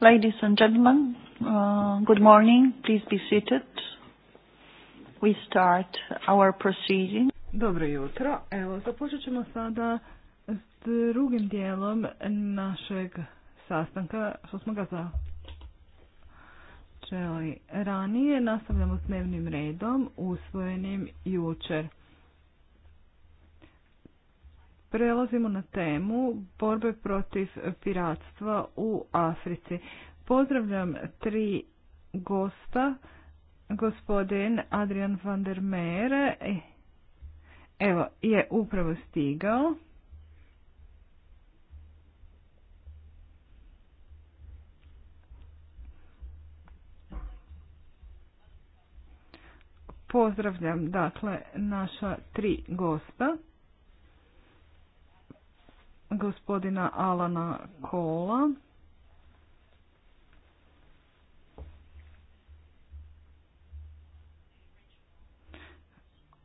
Ladies and gentlemen, uh, good morning. Please be seated. We start our proceeding. Dobro jutro. Evo, započet ćemo sada s drugim dijelom našeg sastanka, što smo ga začeli ranije. Nastavljamo s dnevnim redom, usvojenim jučer. Prelazimo na temu borbe protiv piratstva u Africi. Pozdravljam tri gosta, gospodin Adrian van der Meer, evo, je upravo stigao. Pozdravljam dakle naša tri gosta gospodina Alana Kola.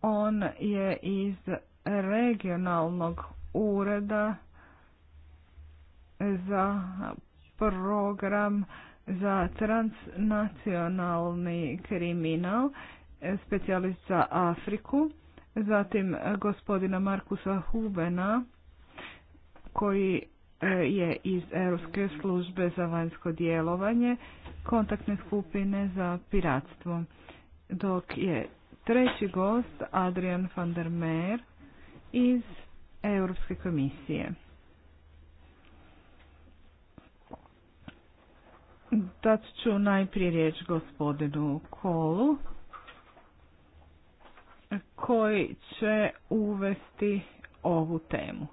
On je iz regionalnog ureda za program za transnacionalni kriminal, specijalista za Afriku, zatim gospodina Markusa Hubena, koji e, je iz Europske službe za vanjsko djelovanje kontaktne skupine za piratstvo. Dok je treći gost Adrian van der Meer iz Europske komisije. Dat ću najprije riječ gospodinu Kolu koji će uvesti ovu temu.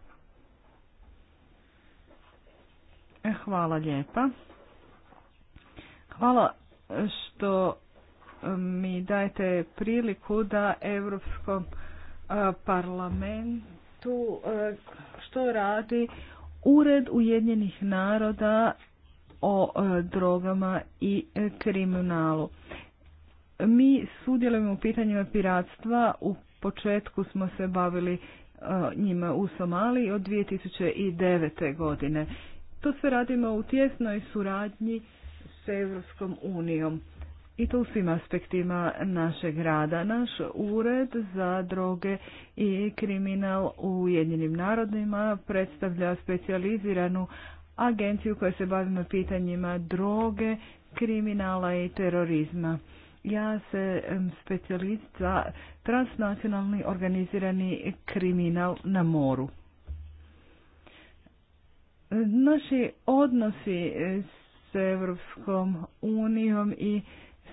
E, hvala lijepa. Hvala što um, mi dajete priliku da Europskom uh, parlamentu uh, što radi Ured Ujedinjenih naroda o uh, drogama i kriminalu. Mi sudjelujemo u pitanjima piratstva. U početku smo se bavili njima u Somaliji od 2009. godine. To sve radimo u tjesnoj suradnji s Europskom unijom i to u svim aspektima našeg rada. Naš ured za droge i kriminal u Ujedinjenim narodima predstavlja specijaliziranu agenciju koja se bavi pitanjima droge, kriminala i terorizma. Ja se specijalist za transnacionalni organizirani kriminal na moru. Naši odnosi e, s Europskom unijom i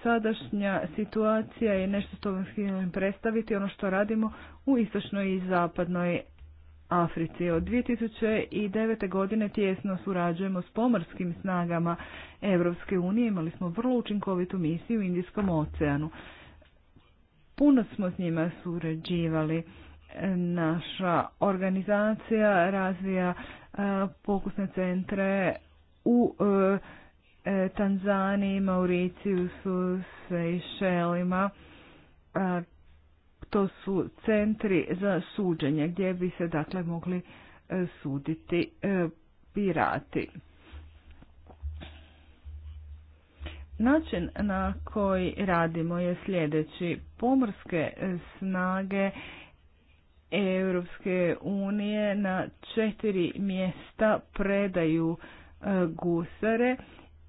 sadašnja situacija je nešto što vam htjelim predstaviti, ono što radimo u istočnoj i zapadnoj Africi. Od 2009. godine tjesno surađujemo s pomorskim snagama Europske unije. Imali smo vrlo učinkovitu misiju u Indijskom oceanu. Puno smo s njima surađivali naša organizacija razvija e, pokusne centre u e, Tanzaniji, Mauriciju, Sejšelima. E, to su centri za suđenje gdje bi se dakle mogli suditi pirati. Način na koji radimo je sljedeći. Pomorske snage Europske unije na četiri mjesta predaju e, gusare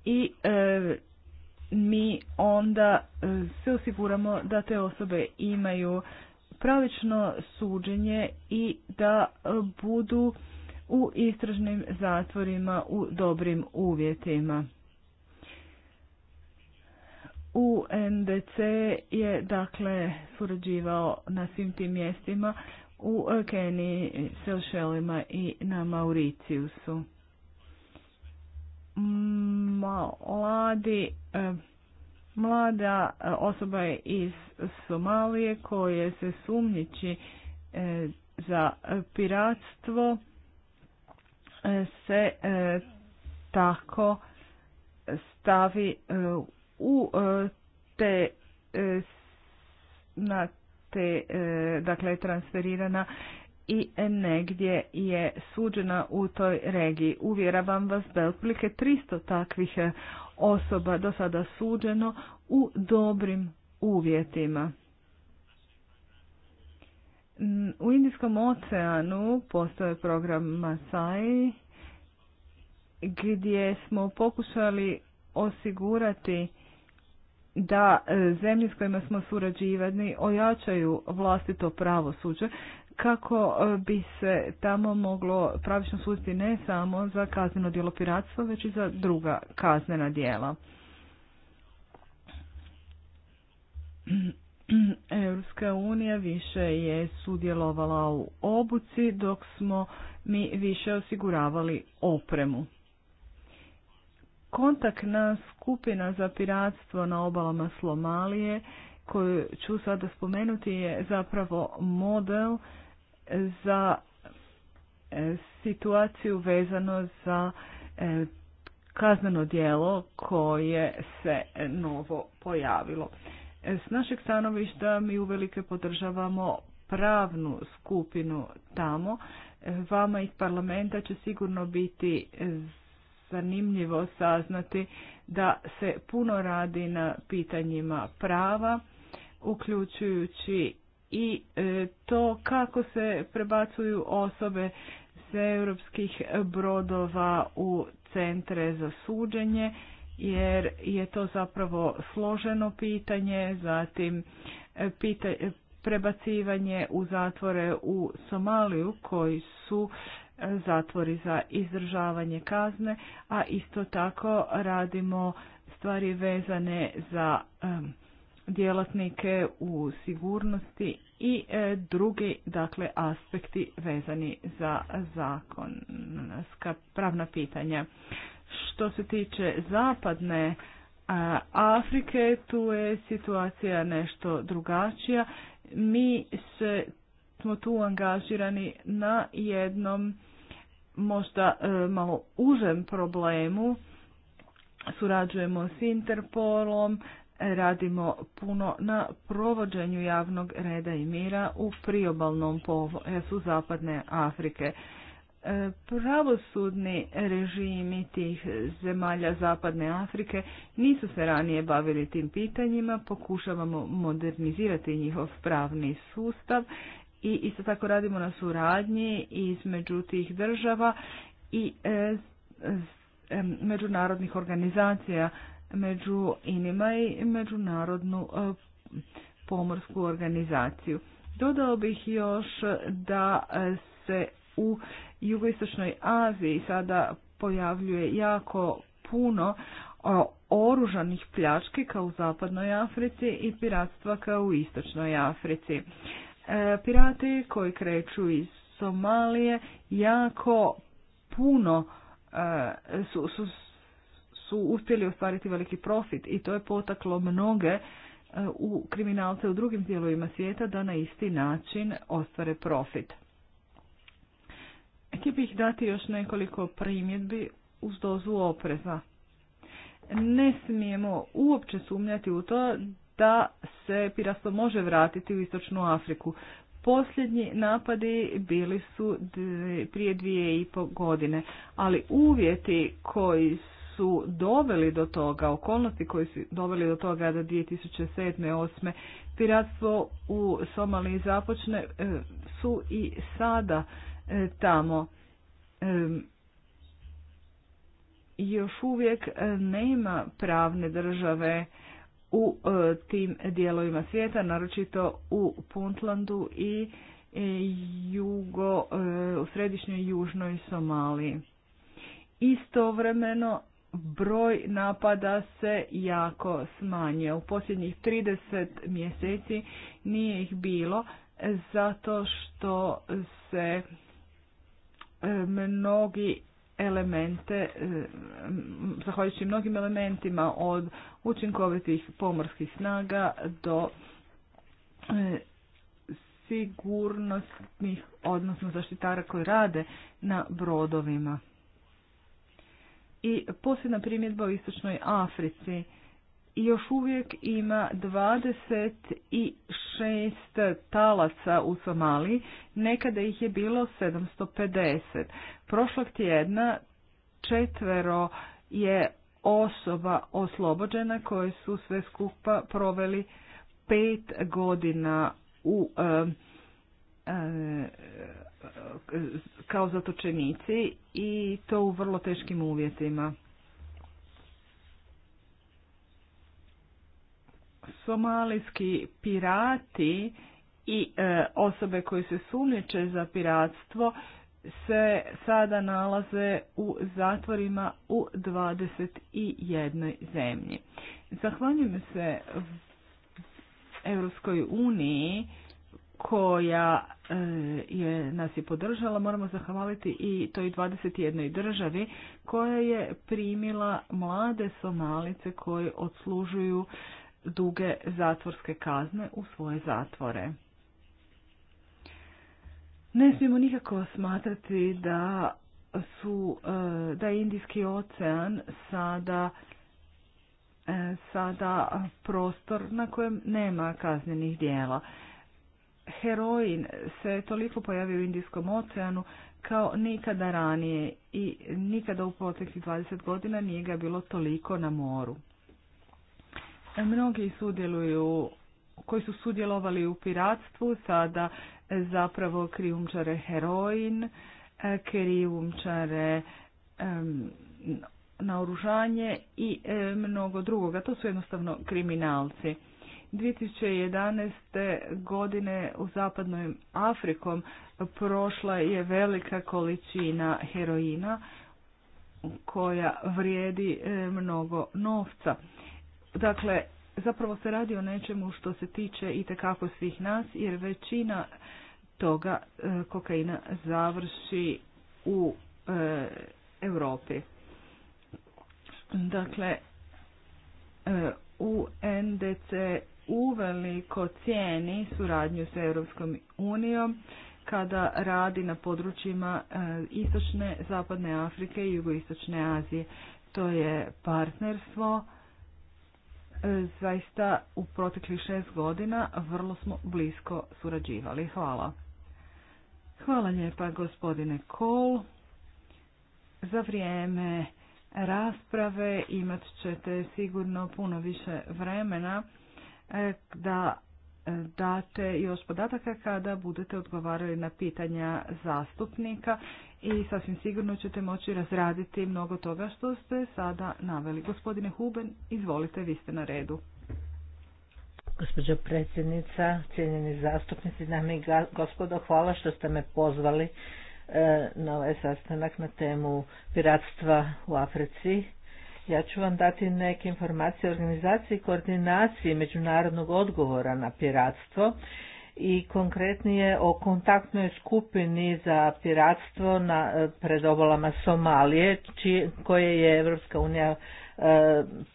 i e, mi onda e, se osiguramo da te osobe imaju pravično suđenje i da budu u istražnim zatvorima u dobrim uvjetima. U NDC je dakle surađivao na svim tim mjestima u eh, Keniji, Sešelima i na Mauricijusu. Mladi, eh, mlada osoba je iz Somalije koje se sumnjiči eh, za piratstvo se tako stavi u te na te, e, dakle, transferirana i negdje je suđena u toj regiji. Uvjeravam vas da je otprilike 300 takvih e, osoba do sada suđeno u dobrim uvjetima. U Indijskom oceanu postoje program Masai gdje smo pokušali osigurati da e, zemlje s kojima smo surađivani ojačaju vlastito pravo suđe kako e, bi se tamo moglo pravično suditi ne samo za kazneno djelo piratstva, već i za druga kaznena djela. Europska unija više je sudjelovala u obuci dok smo mi više osiguravali opremu kontaktna skupina za piratstvo na obalama Slomalije koju ću sada spomenuti je zapravo model za e, situaciju vezano za e, kazneno djelo koje se novo pojavilo. E, s našeg stanovišta mi uvelike podržavamo pravnu skupinu tamo. Vama iz parlamenta će sigurno biti zanimljivo saznati da se puno radi na pitanjima prava, uključujući i e, to kako se prebacuju osobe s europskih brodova u centre za suđenje, jer je to zapravo složeno pitanje, zatim e, prebacivanje u zatvore u Somaliju koji su zatvori za izdržavanje kazne, a isto tako radimo stvari vezane za djelatnike u sigurnosti i e, drugi dakle aspekti vezani za zakonska pravna pitanja. Što se tiče zapadne e, Afrike, tu je situacija nešto drugačija. Mi se, smo tu angažirani na jednom možda e, malo užem problemu. Surađujemo s Interpolom, radimo puno na provođenju javnog reda i mira u priobalnom pojasu Zapadne Afrike. E, pravosudni režimi tih zemalja Zapadne Afrike nisu se ranije bavili tim pitanjima, pokušavamo modernizirati njihov pravni sustav i isto tako radimo na suradnji između tih država i e, e, međunarodnih organizacija, među inima i međunarodnu e, pomorsku organizaciju. Dodao bih još da se u jugoistočnoj Aziji sada pojavljuje jako puno oružanih pljački kao u zapadnoj Africi i piratstva kao u istočnoj Africi. E, pirati koji kreću iz Somalije jako puno e, su, su, su uspjeli ostvariti veliki profit i to je potaklo mnoge e, u kriminalce u drugim dijelovima svijeta da na isti način ostvare profit. Htio bih dati još nekoliko primjedbi uz dozu opreza. Ne smijemo uopće sumnjati u to da se piratstvo može vratiti u Istočnu Afriku. Posljednji napadi bili su prije dvije i pol godine, ali uvjeti koji su doveli do toga, okolnosti koji su doveli do toga da 2007. 2008. piratstvo u Somaliji započne e, su i sada e, tamo. E, još uvijek nema pravne države u e, tim dijelovima svijeta, naročito u Puntlandu i e, jugo, e, u središnjoj južnoj Somaliji. Istovremeno broj napada se jako smanjio. U posljednjih 30 mjeseci nije ih bilo zato što se mnogi elemente, e, zahvaljujući mnogim elementima od učinkovitih pomorskih snaga do e, sigurnosnih, odnosno zaštitara koji rade na brodovima. I posljedna primjedba u Istočnoj Africi još uvijek ima 26 talaca u Somaliji, nekada ih je bilo 750. Prošlog tjedna četvero je osoba oslobođena koje su sve skupa proveli pet godina u kao zatočenici i to u vrlo teškim uvjetima. somalijski pirati i e, osobe koje se sumnječe za piratstvo se sada nalaze u zatvorima u 21 zemlji. Zahvaljujem se Europskoj uniji koja e, je, nas je podržala, moramo zahvaliti i toj 21. državi koja je primila mlade somalice koje odslužuju duge zatvorske kazne u svoje zatvore. Ne smijemo nikako smatrati da su e, da je Indijski ocean sada e, sada prostor na kojem nema kaznenih dijela. Heroin se toliko pojavio u Indijskom oceanu kao nikada ranije i nikada u proteklih 20 godina nije ga bilo toliko na moru. Mnogi sudjeluju, koji su sudjelovali u piratstvu, sada zapravo krijumčare heroin, e, krijumčare naoružanje i e, mnogo drugoga. To su jednostavno kriminalci. 2011. godine u zapadnoj Afrikom prošla je velika količina heroina koja vrijedi e, mnogo novca. Dakle, zapravo se radi o nečemu što se tiče i tekako svih nas, jer većina toga e, kokaina završi u e, Europi. Dakle, e, u NDC uveliko cijeni suradnju sa Europskom unijom kada radi na područjima e, istočne, zapadne Afrike i jugoistočne Azije. To je partnerstvo zaista u proteklih šest godina vrlo smo blisko surađivali. Hvala. Hvala lijepa gospodine Kol. Za vrijeme rasprave imat ćete sigurno puno više vremena e, da date još podataka kada budete odgovarali na pitanja zastupnika i sasvim sigurno ćete moći razraditi mnogo toga što ste sada naveli. Gospodine Huben, izvolite, vi ste na redu. Gospođo predsjednica, cijenjeni zastupnici, dame i gospodo, hvala što ste me pozvali e, na ovaj sastanak na temu piratstva u Africi ja ću vam dati neke informacije o organizaciji i koordinaciji međunarodnog odgovora na piratstvo i konkretnije o kontaktnoj skupini za piratstvo na, e, pred obalama Somalije, koje je Evropska unija, e,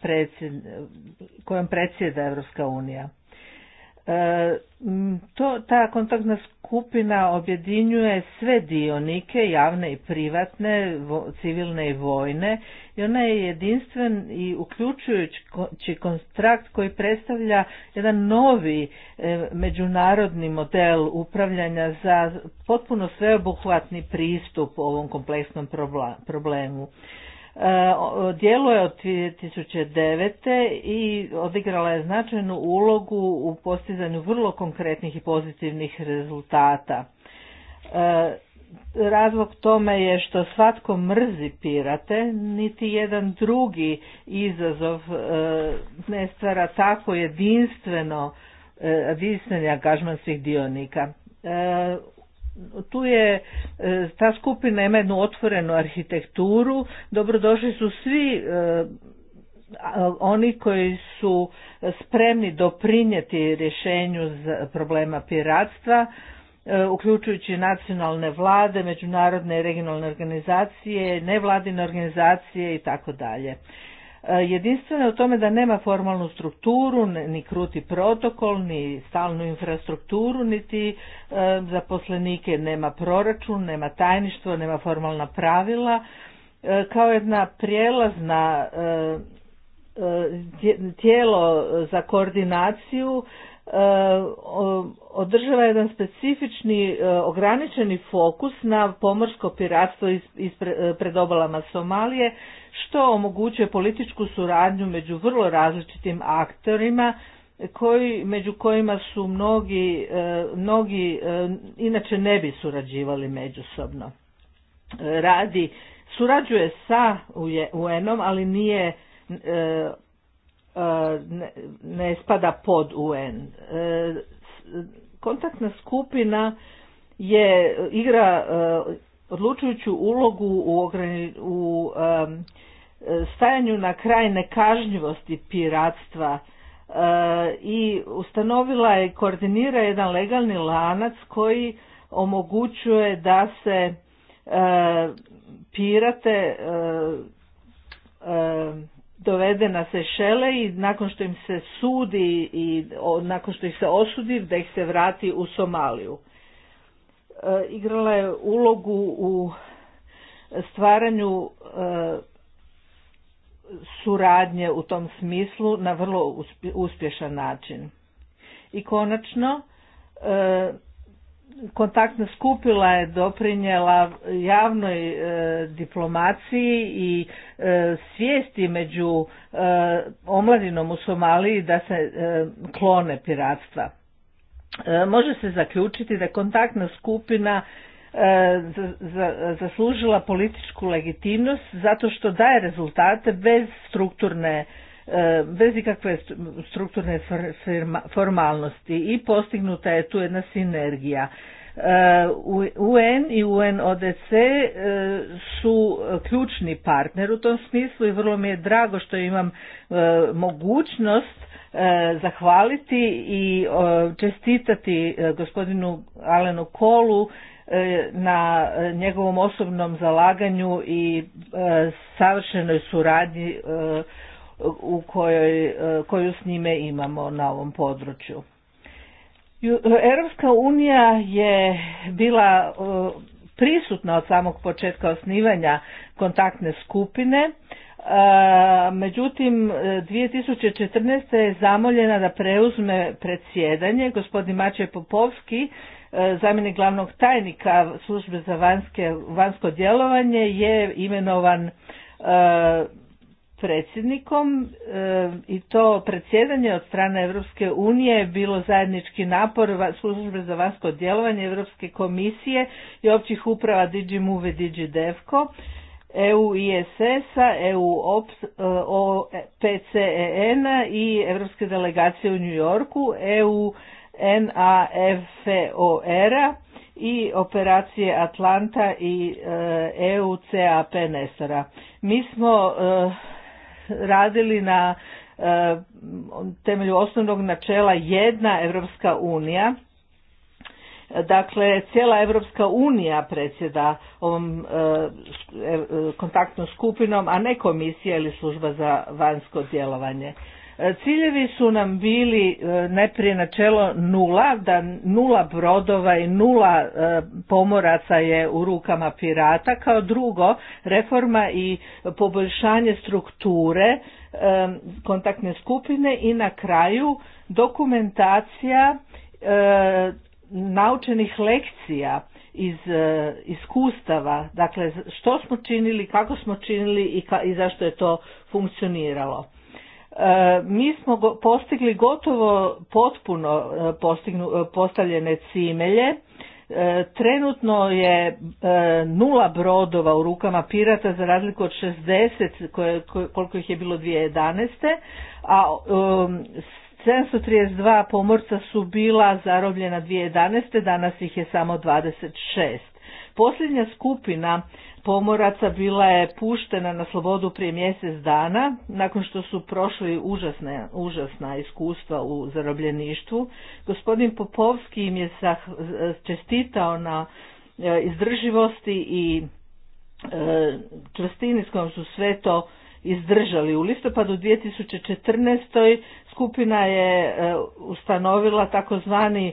predsjed, kojom predsjeda Evropska unija. E, to, ta kontaktna skupina objedinjuje sve dionike, javne i privatne, civilne i vojne i ona je jedinstven i uključujući kontrakt koji predstavlja jedan novi e, međunarodni model upravljanja za potpuno sveobuhvatni pristup ovom kompleksnom problemu. E, djeluje od 2009. i odigrala je značajnu ulogu u postizanju vrlo konkretnih i pozitivnih rezultata. E, razlog tome je što svatko mrzi pirate, niti jedan drugi izazov e, ne stvara tako jedinstveno jedinstveni angažman svih dionika tu je e, ta skupina ima jednu otvorenu arhitekturu, dobrodošli su svi e, oni koji su spremni doprinijeti rješenju problema piratstva, e, uključujući nacionalne vlade, međunarodne i regionalne organizacije, nevladine organizacije i tako dalje. E, jedinstveno je u tome da nema formalnu strukturu, ni kruti protokol, ni stalnu infrastrukturu, niti e, zaposlenike, nema proračun, nema tajništvo, nema formalna pravila, e, kao jedna prijelazna tijelo za koordinaciju održava jedan specifični ograničeni fokus na pomorsko piratstvo pred obalama Somalije što omogućuje političku suradnju među vrlo različitim aktorima koji, među kojima su mnogi, e, mnogi e, inače ne bi surađivali međusobno. Radi, surađuje sa UN-om, e, ali nije ne spada pod UN. Kontaktna skupina je igra odlučujuću ulogu u, u stajanju na kraj nekažnjivosti piratstva eh, i ustanovila je koordinira jedan legalni lanac koji omogućuje da se eh, pirate eh, dovede na Sešele i nakon što im se sudi i nakon što ih se osudi da ih se vrati u Somaliju. E, igrala je ulogu u stvaranju e, suradnje u tom smislu na vrlo uspješan način. I konačno, e, kontaktna skupila je doprinjela javnoj diplomaciji i svijesti među omladinom u Somaliji da se klone piratstva. E, može se zaključiti da kontaktna skupina e, zaslužila političku legitimnost zato što daje rezultate bez strukturne e, bez ikakve strukturne formalnosti i postignuta je tu jedna sinergija. Eh, UN i UNODC eh, su ključni partner u tom smislu i vrlo mi je drago što imam eh, mogućnost zahvaliti i čestitati gospodinu Alenu Kolu na njegovom osobnom zalaganju i savršenoj suradnji koju s njime imamo na ovom području. E, Europska unija je bila e, prisutna od samog početka osnivanja kontaktne skupine, e, međutim 2014. je zamoljena da preuzme predsjedanje gospodin Mačej Popovski, zamjenik glavnog tajnika službe za vanjske, vanjsko djelovanje je imenovan predsjednikom e, i to predsjedanje od strane Europske unije je bilo zajednički napor službe za vanjsko djelovanje Europske komisije i općih uprava DigiMove e i DigiDevco, EU ISS-a, EU PCEN-a e, i Europske delegacije u New Yorku, EU NAFOR-a i operacije Atlanta i EU CAP Nesora. Mi smo radili na e, temelju osnovnog načela jedna Europska unija. Dakle, cijela Europska unija predsjeda ovom e, e, kontaktnom skupinom, a ne komisija ili služba za vanjsko djelovanje. E, ciljevi su nam bili e, najprije načelo nula, da nula brodova i nula e, pomoraca je u rukama pirata. Kao drugo, reforma i poboljšanje strukture kontaktne skupine i na kraju dokumentacija naučenih lekcija iz iskustava, dakle što smo činili, kako smo činili i zašto je to funkcioniralo. E, mi smo postigli gotovo potpuno e, e, postavljene cimelje. Trenutno je nula brodova u rukama pirata za razliku od 60 koliko ih je bilo 2011. A 732 pomorca su bila zarobljena 2011. Danas ih je samo 26. Posljednja skupina pomoraca bila je puštena na slobodu prije mjesec dana, nakon što su prošli užasne, užasna iskustva u zarobljeništvu. Gospodin Popovski im je čestitao na e, izdrživosti i e, čvrstini s kojom su sve to izdržali. U listopadu 2014. skupina je e, ustanovila takozvani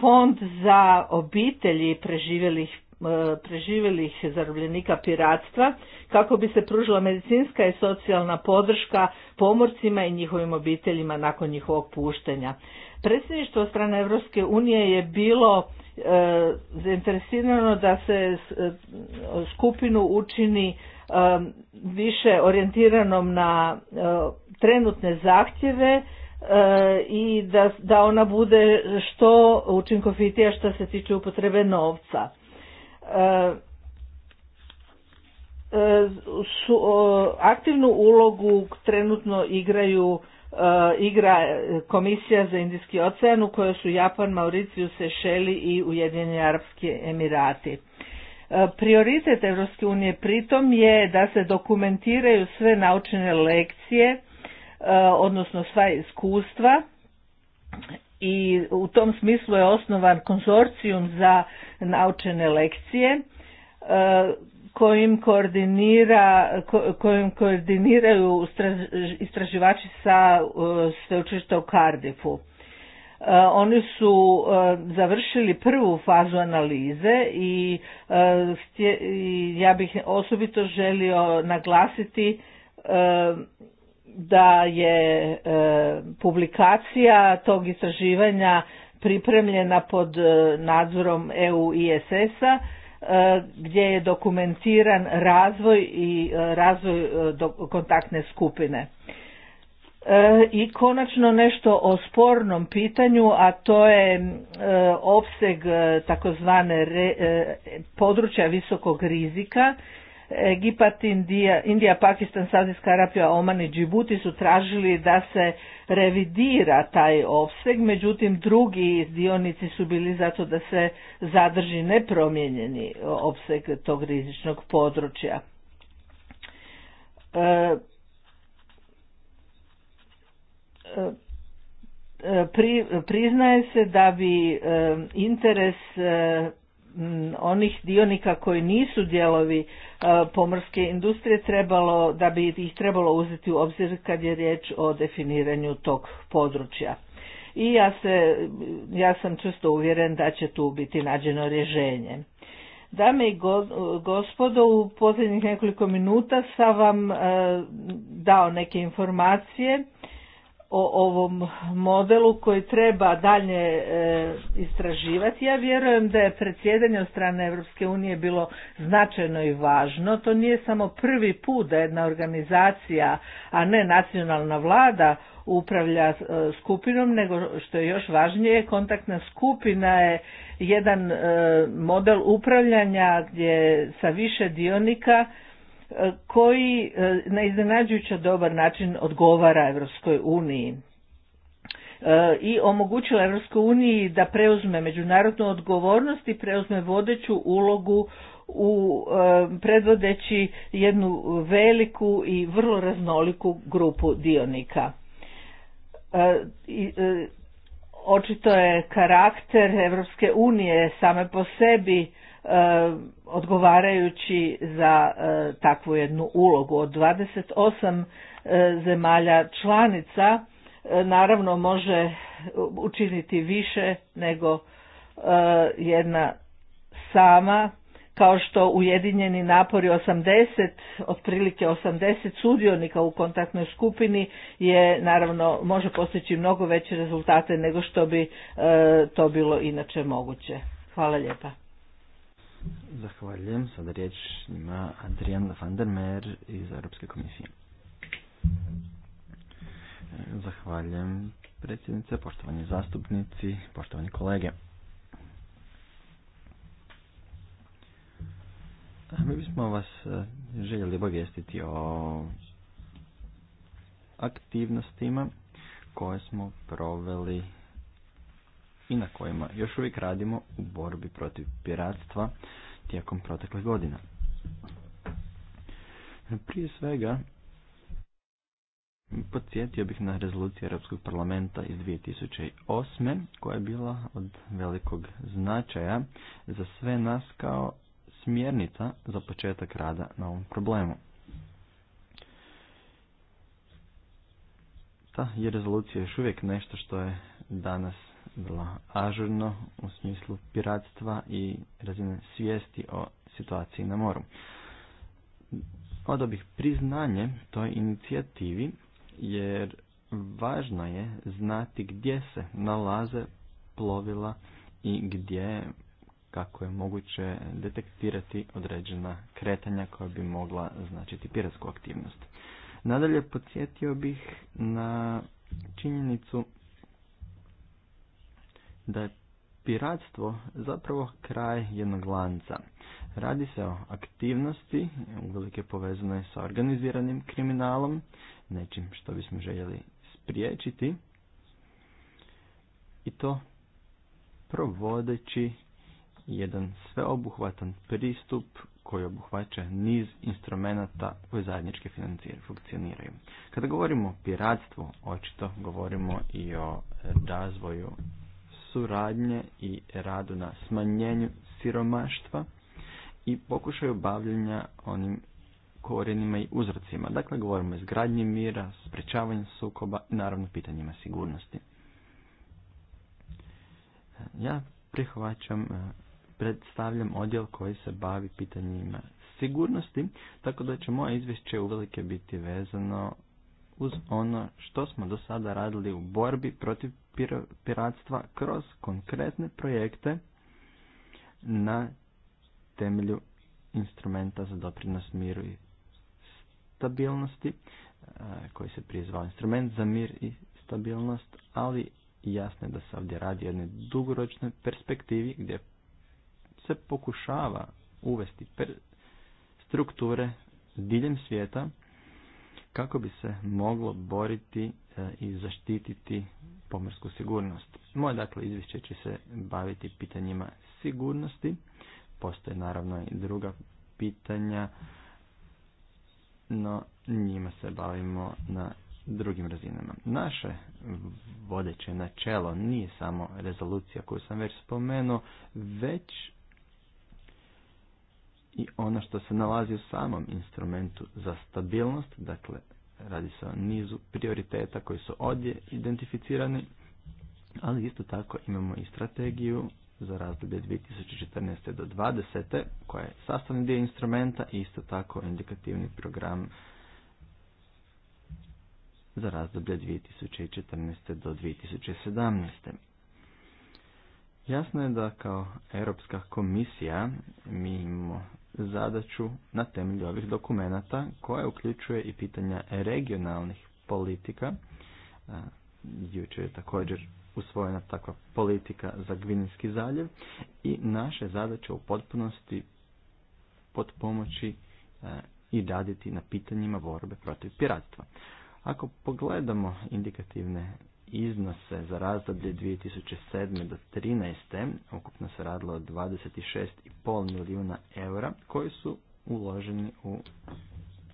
fond za obitelji preživjelih E, preživjelih zarobljenika piratstva kako bi se pružila medicinska i socijalna podrška pomorcima i njihovim obiteljima nakon njihovog puštenja. Predsjedništvo strane Europske unije je bilo e, zainteresirano da se e, skupinu učini više orijentiranom na trenutne zahtjeve i da, da ona bude što učinkovitija što se tiče upotrebe novca su aktivnu ulogu trenutno igraju e, igra Komisija za Indijski ocean u kojoj su Japan, Mauriciju, Sešeli i Ujedinjeni Arapski Emirati. E, prioritet Evropske unije pritom je da se dokumentiraju sve naučene lekcije, e, odnosno sva iskustva i u tom smislu je osnovan konzorcijum za naučene lekcije e, kojim koordinira kojim koordiniraju istraživači sa e, sveučilišta u Cardiffu. E, oni su završili prvu fazu analize i ja bih osobito želio naglasiti da je e, publikacija tog istraživanja pripremljena pod e, nadzorom EU ISS-a e, gdje je dokumentiran razvoj i razvoj kontaktne skupine. I konačno nešto o spornom pitanju, a to je opseg takozvane područja visokog rizika Egipat, Indija, Indija, Pakistan, Saudijska Arabija, Oman i Džibuti su tražili da se revidira taj opseg, međutim drugi dionici su bili zato da se zadrži nepromijenjeni opseg tog rizičnog područja. E, e, pri, priznaje se da bi e, interes onih dionika koji nisu dijelovi e, pomorske industrije trebalo, da bi ih trebalo uzeti u obzir kad je riječ o definiranju tog područja. I ja, se, ja sam često uvjeren da će tu biti nađeno rješenje. Dame i gospodo, u posljednjih nekoliko minuta sam vam e, dao neke informacije o ovom modelu koji treba dalje e, istraživati. Ja vjerujem da je predsjedanje od strane Europske unije bilo značajno i važno. To nije samo prvi put da jedna organizacija, a ne nacionalna vlada upravlja e, skupinom, nego što je još važnije, kontaktna skupina je jedan e, model upravljanja gdje sa više dionika E, koji e, na iznenađujuća dobar način odgovara Europskoj uniji e, i omogućila Europskoj uniji da preuzme međunarodnu odgovornost i preuzme vodeću ulogu u predvodeći jednu veliku i vrlo raznoliku grupu dionika. Očito je karakter Europske unije same po sebi E, odgovarajući za e, takvu jednu ulogu. Od 28 e, zemalja članica naravno može učiniti više nego jedna sama kao što ujedinjeni napori 80, otprilike 80 sudionika u kontaktnoj skupini je naravno može postići mnogo veće rezultate nego što bi to bilo inače moguće. Hvala lijepa. Zahvaljujem. Sada riječ ima Adrian van der Meer iz Europske komisije. Zahvaljujem predsjednice, poštovani zastupnici, poštovani kolege. Mi bismo vas e, željeli obavijestiti o aktivnostima koje smo proveli na kojima još uvijek radimo u borbi protiv piratstva tijekom protekle godina. Prije svega, podsjetio bih na rezoluciju Europskog parlamenta iz 2008. koja je bila od velikog značaja za sve nas kao smjernica za početak rada na ovom problemu. Ta je rezolucija još uvijek nešto što je danas vrlo ažurno u smislu piratstva i razine svijesti o situaciji na moru. Odao bih priznanje toj inicijativi jer važno je znati gdje se nalaze plovila i gdje kako je moguće detektirati određena kretanja koja bi mogla značiti piratsku aktivnost. Nadalje podsjetio bih na činjenicu da je piratstvo zapravo kraj jednog lanca. Radi se o aktivnosti, uvelike povezane sa organiziranim kriminalom, nečim što bismo željeli spriječiti, i to provodeći jedan sveobuhvatan pristup koji obuhvaća niz instrumenata koji zajednički funkcioniraju. Kada govorimo o piratstvu, očito govorimo i o razvoju suradnje i radu na smanjenju siromaštva i pokušaju bavljenja onim korijenima i uzrocima. Dakle, govorimo o izgradnji mira, sprečavanju sukoba i naravno pitanjima sigurnosti. Ja prihvaćam, e, predstavljam odjel koji se bavi pitanjima sigurnosti, tako da će moje izvješće uvelike biti vezano uz ono što smo do sada radili u borbi protiv piratstva kroz konkretne projekte na temelju instrumenta za doprinos miru i stabilnosti, e, koji se prije instrument za mir i stabilnost, ali jasno je da se ovdje radi o jednoj dugoročnoj perspektivi gdje se pokušava uvesti strukture diljem svijeta kako bi se moglo boriti e, i zaštititi pomorsku sigurnost. Moje dakle izvješće će se baviti pitanjima sigurnosti. Postoje naravno i druga pitanja, no njima se bavimo na drugim razinama. Naše vodeće načelo nije samo rezolucija koju sam već spomenuo, već i ono što se nalazi u samom instrumentu za stabilnost, dakle radi se o nizu prioriteta koji su ovdje identificirani, ali isto tako imamo i strategiju za razdoblje 2014. do 2020. koja je sastavni dio instrumenta i isto tako indikativni program za razdoblje 2014. do 2017. Jasno je da kao Europska komisija mi imamo zadaću na temelju ovih dokumenata koja uključuje i pitanja regionalnih politika. E, jučer je također usvojena takva politika za Gvinski zaljev i naše zadaće u potpunosti pod pomoći e, i raditi na pitanjima borbe protiv piratstva. Ako pogledamo indikativne iznose za razdoblje 2007. do 2013. ukupno se radilo o 26,5 milijuna eura koji su uloženi u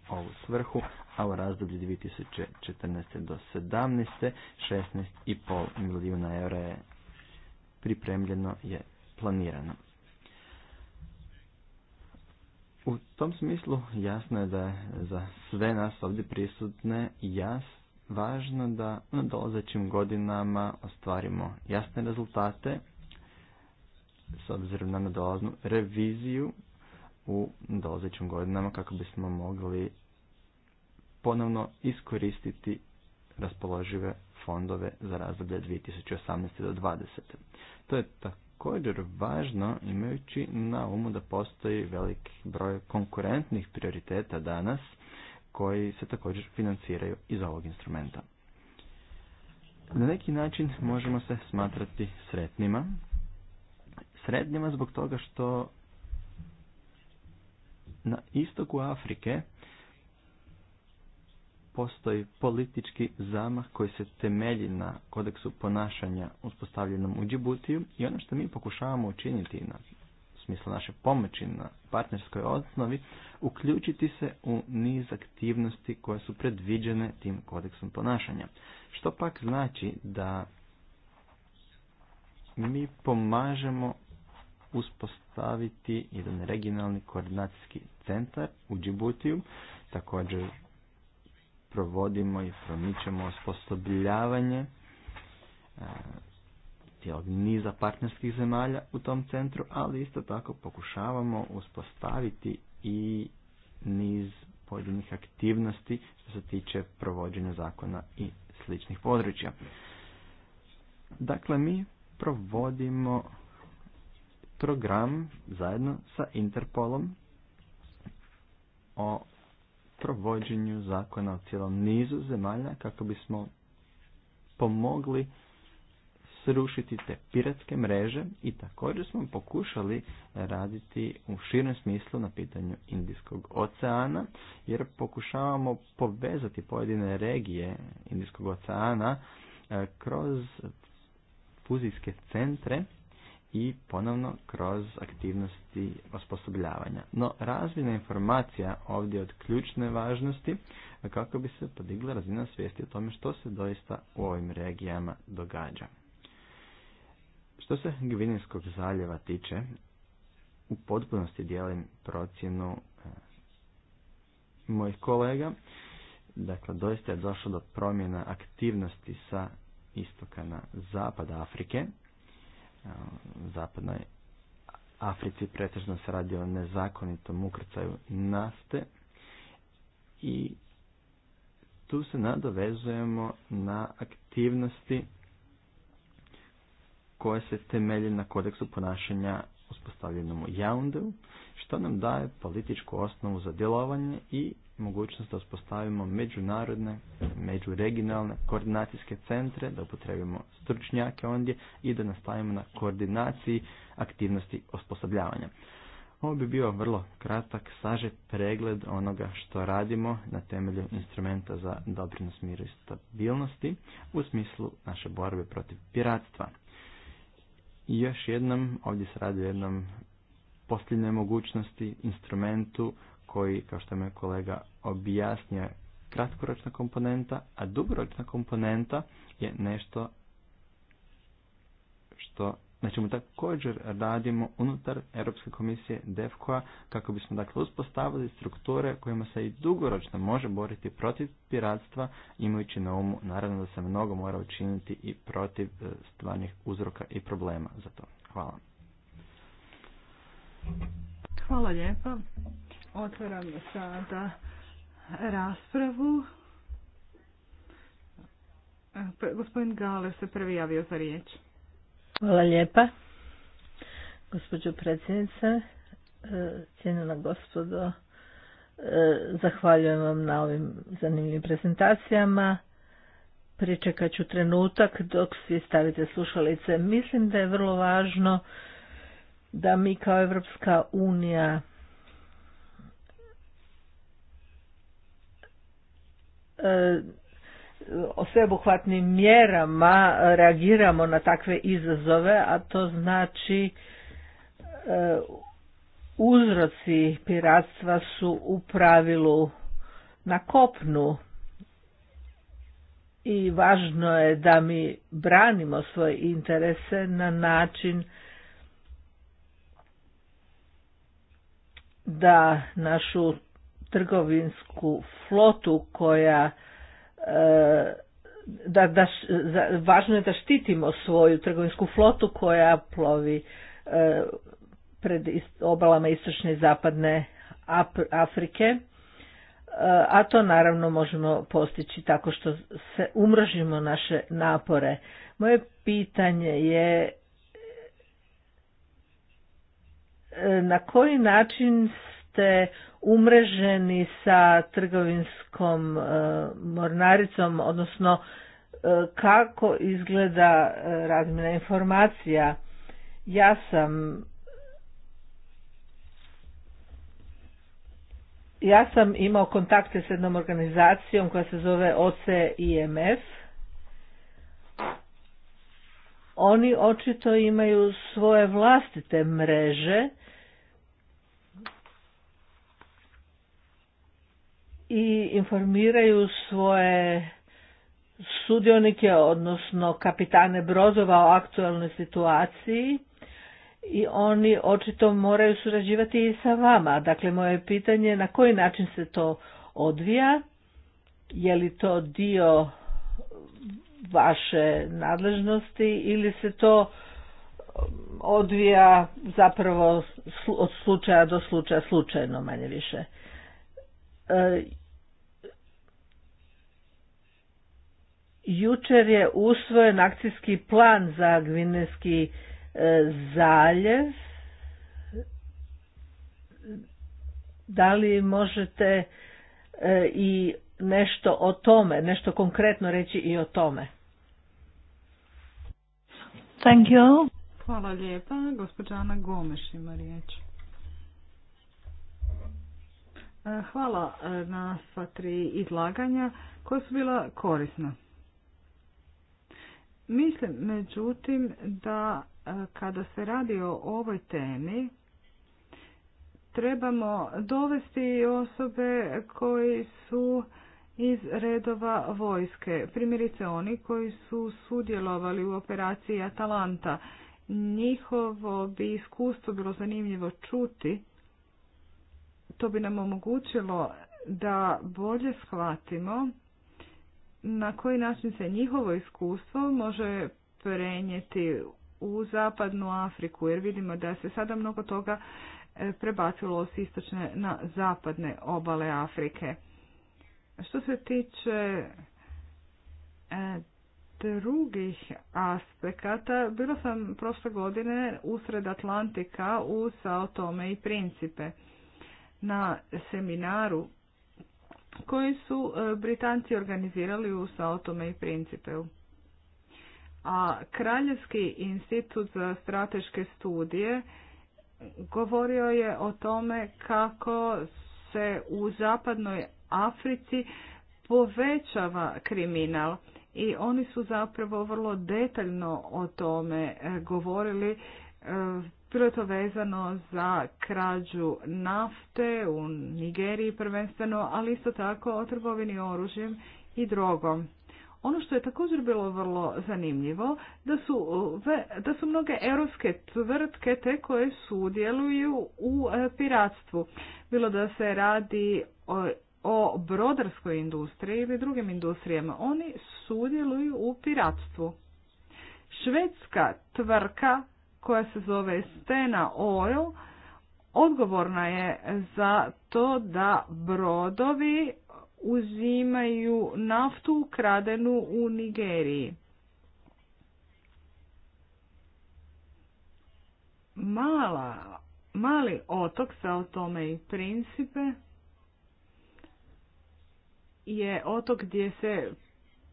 ovu svrhu, a u razdoblju 2014. do 2017. 16,5 milijuna eura je pripremljeno, je planirano. U tom smislu jasno je da je za sve nas ovdje prisutne jasno važno da na dolazećim godinama ostvarimo jasne rezultate s obzirom na nadolaznu reviziju u dolazećim godinama kako bismo mogli ponovno iskoristiti raspoložive fondove za razdoblje 2018. do 2020. To je također važno imajući na umu da postoji velik broj konkurentnih prioriteta danas – koji se također financiraju iz ovog instrumenta. Na neki način možemo se smatrati sretnima. Sretnima zbog toga što na istoku Afrike postoji politički zamah koji se temelji na kodeksu ponašanja uspostavljenom u Djibutiju. i ono što mi pokušavamo učiniti na smislu naše pomoći na partnerskoj osnovi uključiti se u niz aktivnosti koje su predviđene tim kodeksom ponašanja. Što pak znači da mi pomažemo uspostaviti jedan regionalni koordinacijski centar u Djibutiju. Također provodimo i promičemo osposobljavanje e, od niza partnerskih zemalja u tom centru, ali isto tako pokušavamo uspostaviti i niz pojedinih aktivnosti što se tiče provođenja zakona i sličnih područja. Dakle, mi provodimo program zajedno sa Interpolom o provođenju zakona u cijelom nizu zemalja kako bismo pomogli srušiti te piratske mreže i također smo pokušali raditi u širem smislu na pitanju Indijskog oceana jer pokušavamo povezati pojedine regije Indijskog oceana e, kroz fuzijske centre i ponovno kroz aktivnosti osposobljavanja. No, razvina informacija ovdje od ključne važnosti kako bi se podigla razina svijesti o tome što se doista u ovim regijama događa. Što se Gvinijskog zaljeva tiče, u potpunosti dijelim procjenu e, mojih kolega. Dakle, doista je došlo do promjena aktivnosti sa istoka na zapad Afrike. E, u zapadnoj Africi pretežno se radi o nezakonitom ukrcaju nafte i tu se nadovezujemo na aktivnosti koje se temelje na kodeksu ponašanja uspostavljenom u Jaundu, što nam daje političku osnovu za djelovanje i mogućnost da uspostavimo međunarodne, međuregionalne koordinacijske centre, da upotrebimo stručnjake ondje i da nastavimo na koordinaciji aktivnosti osposobljavanja. Ovo bi bio vrlo kratak, sažet pregled onoga što radimo na temelju instrumenta za doprinos miru i stabilnosti u smislu naše borbe protiv piratstva. I još jednom, ovdje se radi o jednom posljednjoj mogućnosti, instrumentu koji, kao što je kolega objasnio, kratkoročna komponenta, a dugoročna komponenta je nešto što na čemu također radimo unutar Europske komisije DEFCO-a kako bismo dakle uspostavili strukture kojima se i dugoročno može boriti protiv piratstva imajući na umu naravno da se mnogo mora učiniti i protiv e, stvarnih uzroka i problema za to. Hvala. Hvala lijepa. Otvaram sada raspravu. E, gospodin Gale se prvi javio za riječ. Hvala lijepa. Gospođo predsjednice, e, cijenjena gospodo, e, zahvaljujem vam na ovim zanimljivim prezentacijama. Pričekat ću trenutak dok svi stavite slušalice. Mislim da je vrlo važno da mi kao Evropska unija e, sveobuhvatnim mjerama reagiramo na takve izazove, a to znači e, uzroci piratstva su u pravilu na kopnu i važno je da mi branimo svoje interese na način da našu trgovinsku flotu koja E, da, da, važno je da štitimo svoju trgovinsku flotu koja plovi e, pred obalama istočne i zapadne Afrike, e, a to naravno možemo postići tako što se umrožimo naše napore. Moje pitanje je na koji način ste umreženi sa trgovinskom e, mornaricom, odnosno e, kako izgleda e, razmjena informacija. Ja sam ja sam imao kontakte s jednom organizacijom koja se zove OCIMF. Oni očito imaju svoje vlastite mreže i informiraju svoje sudionike, odnosno kapitane brodova o aktualnoj situaciji i oni očito moraju surađivati i sa vama. Dakle, moje pitanje je na koji način se to odvija, je li to dio vaše nadležnosti ili se to um, odvija zapravo od slučaja do slučaja, slučajno manje više. E, jučer je usvojen akcijski plan za Gvineski e, zaljev. Da li možete e, i nešto o tome, nešto konkretno reći i o tome? Thank you. Hvala lijepa. Gospođa Gomeš ima riječ. E, hvala e, na sva tri izlaganja koja su bila korisna. Mislim, međutim, da e, kada se radi o ovoj temi, trebamo dovesti osobe koji su iz redova vojske. Primjerice oni koji su sudjelovali u operaciji Atalanta. Njihovo bi iskustvo bilo zanimljivo čuti to bi nam omogućilo da bolje shvatimo na koji način se njihovo iskustvo može prenijeti u zapadnu Afriku, jer vidimo da se sada mnogo toga e, prebacilo s istočne na zapadne obale Afrike. Što se tiče e, drugih aspekata, bila sam prošle godine usred Atlantika u Sao Tome i Principe na seminaru koji su e, Britanci organizirali u Saotome i Principeu. A Kraljevski institut za strateške studije govorio je o tome kako se u zapadnoj Africi povećava kriminal i oni su zapravo vrlo detaljno o tome e, govorili e, bilo je to vezano za krađu nafte u Nigeriji prvenstveno, ali isto tako o trgovini oružjem i drogom. Ono što je također bilo vrlo zanimljivo, da su, da su mnoge europske tvrtke te koje sudjeluju u e, piratstvu. Bilo da se radi o, o brodarskoj industriji ili drugim industrijama, oni sudjeluju u piratstvu. Švedska tvrtka koja se zove Stena Oil odgovorna je za to da brodovi uzimaju naftu ukradenu u Nigeriji. Mala, mali otok sa o tome i principe je otok gdje se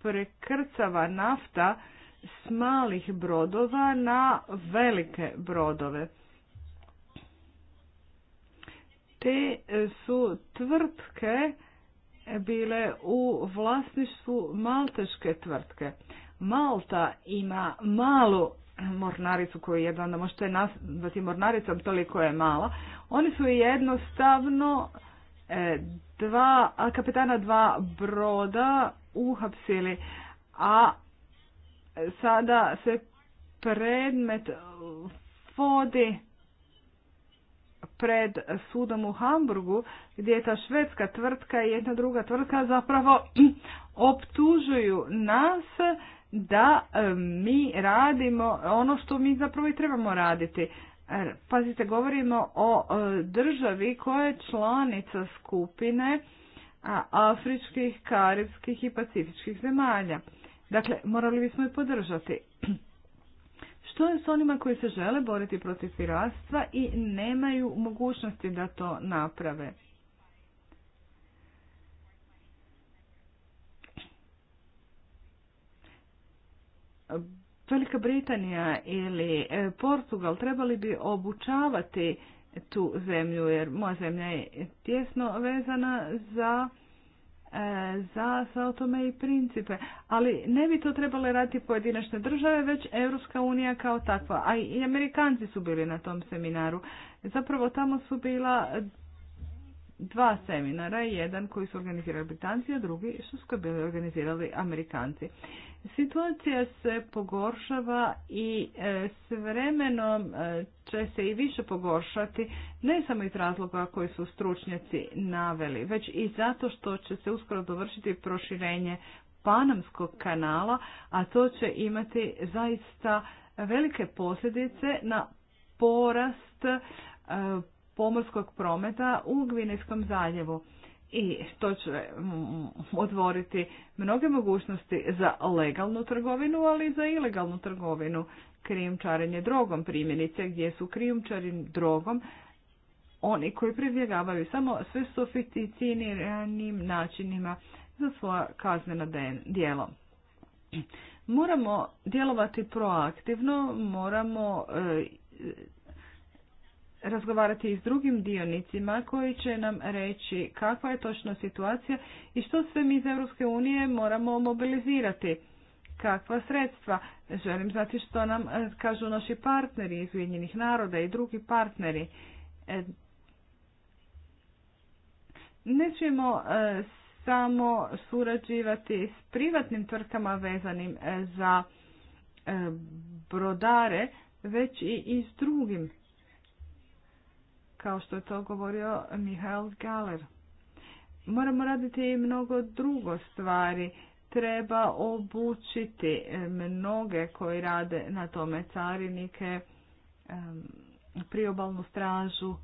prekrcava nafta s malih brodova na velike brodove. Te su tvrtke bile u vlasništvu malteške tvrtke. Malta ima malu mornaricu koju onda možete nazvati mornaricom, toliko je mala. Oni su jednostavno e, dva kapetana dva broda uhapsili, a sada se predmet vodi pred sudom u Hamburgu, gdje je ta švedska tvrtka i jedna druga tvrtka zapravo optužuju nas da mi radimo ono što mi zapravo i trebamo raditi. Er, pazite, govorimo o e, državi koja je članica skupine afričkih, karibskih i pacifičkih zemalja. Dakle, morali bismo je podržati. Što je s onima koji se žele boriti protiv piratstva i nemaju mogućnosti da to naprave? Velika Britanija ili e, Portugal trebali bi obučavati tu zemlju, jer moja zemlja je tjesno vezana za E, za sve o tome i principe. Ali ne bi to trebale raditi pojedinačne države, već Europska unija kao takva. A i Amerikanci su bili na tom seminaru. Zapravo tamo su bila dva seminara, jedan koji su organizirali Britanci, a drugi su su bili organizirali Amerikanci. Situacija se pogoršava i e, s vremenom e, će se i više pogoršati, ne samo iz razloga koji su stručnjaci naveli, već i zato što će se uskoro dovršiti proširenje Panamskog kanala, a to će imati zaista velike posljedice na porast e, pomorskog prometa u Gvinejskom zaljevu. I to će mm, mm, otvoriti mnoge mogućnosti za legalnu trgovinu, ali i za ilegalnu trgovinu. Krijumčarenje drogom primjenice gdje su krijumčari drogom oni koji pribjegavaju samo sve sofisticiranim načinima za svoja kaznena djela. Moramo djelovati proaktivno, moramo e, razgovarati i s drugim dionicima koji će nam reći kakva je točno situacija i što sve mi iz Europske unije moramo mobilizirati. Kakva sredstva? Želim znati što nam e, kažu naši partneri iz Ujedinjenih naroda i drugi partneri. E, Nećemo e, samo surađivati s privatnim tvrtkama vezanim za brodare, već i s drugim kao što je to govorio Mihael Galer. Moramo raditi i mnogo drugo stvari. Treba obučiti eh, mnoge koji rade na tome carinike, priobalnu stražu.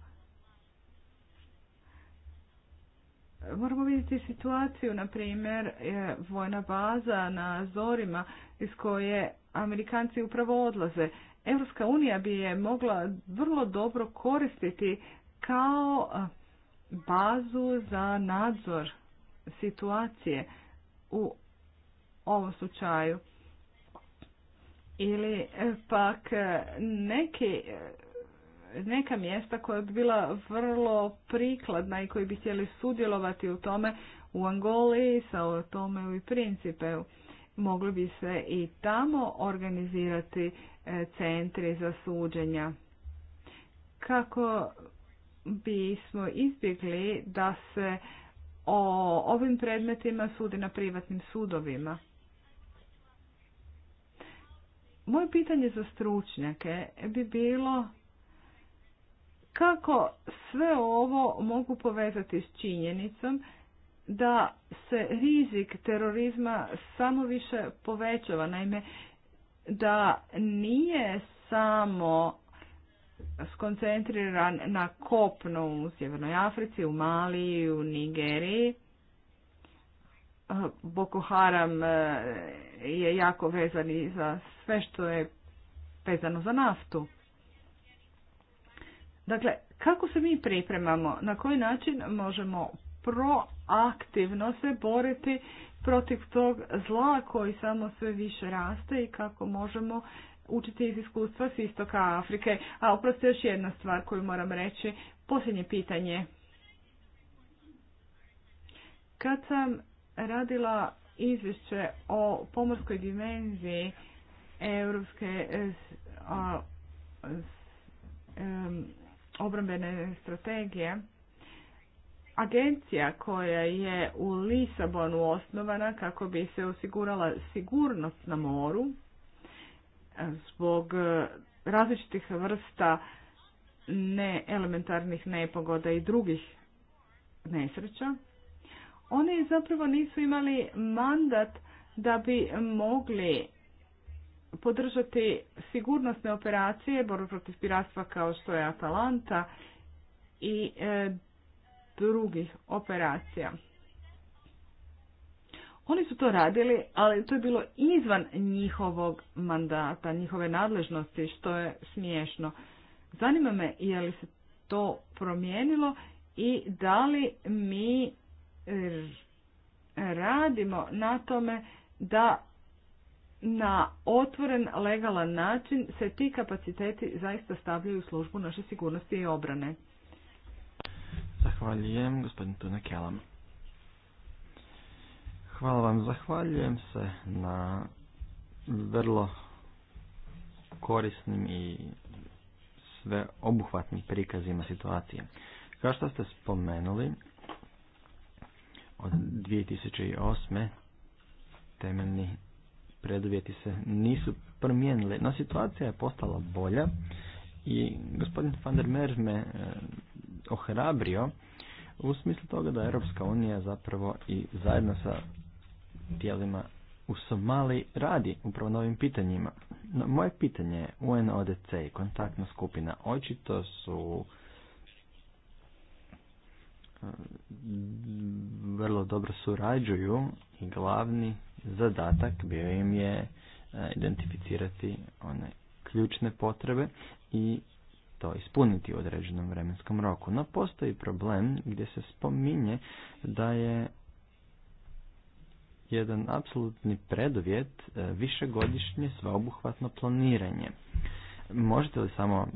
Moramo vidjeti situaciju, na primjer, eh, vojna baza na Zorima iz koje Amerikanci upravo odlaze. Europska unija bi je mogla vrlo dobro koristiti kao bazu za nadzor situacije u ovom slučaju. Ili e, pak e, neke, neka mjesta koja bi bila vrlo prikladna i koji bi htjeli sudjelovati u tome u Angoli, sa tome i Principeu mogli bi se i tamo organizirati e, centri za suđenja. Kako bismo izbjegli da se o ovim predmetima sudi na privatnim sudovima? Moje pitanje za stručnjake bi bilo kako sve ovo mogu povezati s činjenicom da se rizik terorizma samo više povećava. Naime, da nije samo skoncentriran na kopnu u Sjevernoj Africi, u Maliji, u Nigeriji. Boko Haram e, je jako vezan i za sve što je vezano za naftu. Dakle, kako se mi pripremamo, na koji način možemo proaktivno se boriti protiv tog zla koji samo sve više raste i kako možemo učiti iz iskustva s istoka Afrike. A oprosti još jedna stvar koju moram reći. Posljednje pitanje. Kad sam radila izvješće o pomorskoj dimenziji europske obrambene strategije, agencija koja je u Lisabonu osnovana kako bi se osigurala sigurnost na moru e, zbog e, različitih vrsta elementarnih nepogoda i drugih nesreća, oni zapravo nisu imali mandat da bi mogli podržati sigurnosne operacije, borbe protiv piratstva kao što je Atalanta i e, drugih operacija. Oni su to radili, ali to je bilo izvan njihovog mandata, njihove nadležnosti, što je smiješno. Zanima me je li se to promijenilo i da li mi radimo na tome da na otvoren, legalan način se ti kapaciteti zaista stavljaju u službu naše sigurnosti i obrane. Zahvaljujem, gospodin Tuna Kelam. Hvala vam, zahvaljujem se na vrlo korisnim i sve obuhvatnim prikazima situacije. Kao što ste spomenuli, od 2008. temeljni preduvjeti se nisu promijenili, no situacija je postala bolja i gospodin van der Mer me ohrabrio u smislu toga da Europska unija zapravo i zajedno sa tijelima u Somali radi upravo na ovim pitanjima. No, moje pitanje je UNODC i kontaktna skupina očito su eh, vrlo dobro surađuju i glavni zadatak bio im je eh, identificirati one ključne potrebe i to ispuniti u određenom vremenskom roku. No postoji problem gdje se spominje da je jedan apsolutni preduvjet e, višegodišnje sveobuhvatno planiranje. Možete li samo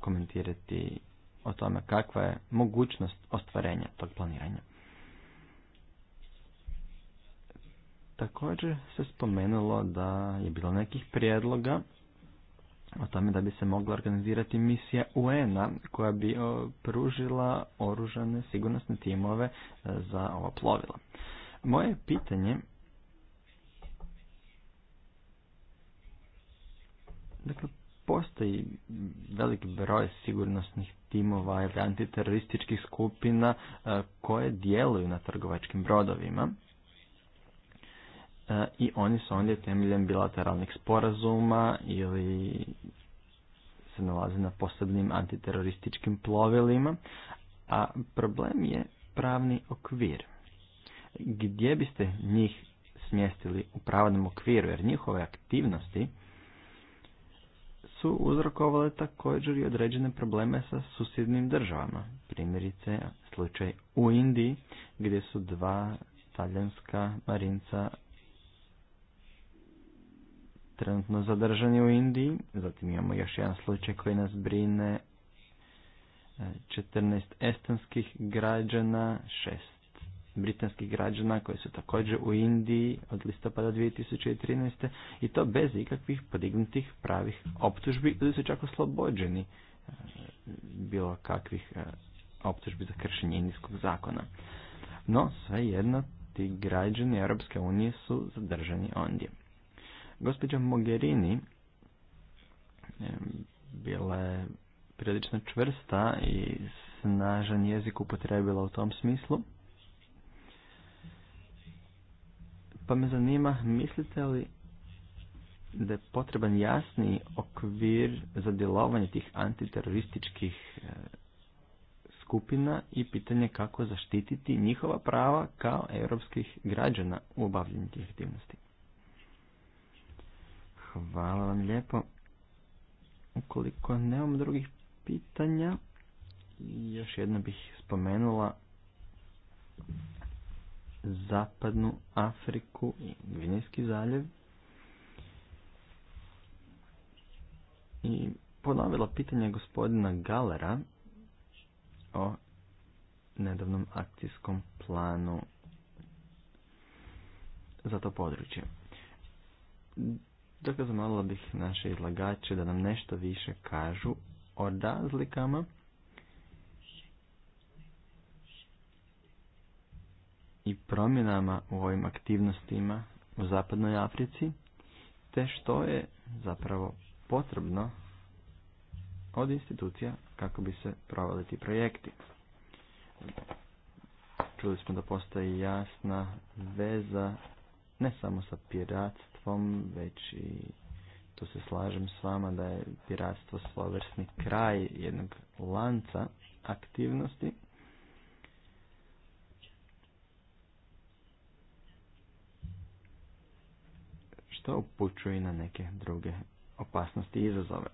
komentirati o tome kakva je mogućnost ostvarenja tog planiranja? Također se spomenulo da je bilo nekih prijedloga o tome da bi se mogla organizirati misija UN-a koja bi pružila oružane sigurnosne timove e, za ova plovila. Moje pitanje Dakle, postoji velik broj sigurnosnih timova ili antiterorističkih skupina e, koje djeluju na trgovačkim brodovima. E, i oni su ondje temeljem bilateralnih sporazuma ili se nalaze na posebnim antiterorističkim plovilima, a problem je pravni okvir. Gdje biste njih smjestili u pravnom okviru, jer njihove aktivnosti su uzrokovale također i određene probleme sa susjednim državama. Primjerice, slučaj u Indiji, gdje su dva talijanska marinca trenutno zadržani u Indiji. Zatim imamo još jedan slučaj koji nas brine. 14 e, estonskih građana, 6 britanskih građana koji su također u Indiji od listopada 2013. i to bez ikakvih podignutih pravih optužbi ili su čak oslobođeni e, bilo kakvih e, optužbi za kršenje indijskog zakona. No, svejedno, ti građani Europske unije su zadržani ondje. Gospođa Mogherini bila je prilično čvrsta i snažan jezik upotrebila u tom smislu. Pa me zanima, mislite li da je potreban jasni okvir za djelovanje tih antiterorističkih e, skupina i pitanje kako zaštititi njihova prava kao europskih građana u obavljanju tih aktivnosti? Hvala vam lijepo. Ukoliko nemam drugih pitanja, još jedna bih spomenula Zapadnu Afriku i Gvinijski zaljev. I ponovila pitanje gospodina Galera o nedavnom akcijskom planu za to područje. Dakle, zamolila bih naše izlagače da nam nešto više kažu o razlikama i promjenama u ovim aktivnostima u zapadnoj Africi, te što je zapravo potrebno od institucija kako bi se provali ti projekti. Čuli smo da postoji jasna veza ne samo sa piratstvom, piratstvom, već i tu se slažem s vama da je piratstvo svojevrsni kraj jednog lanca aktivnosti. Što upućuje na neke druge opasnosti i izazove.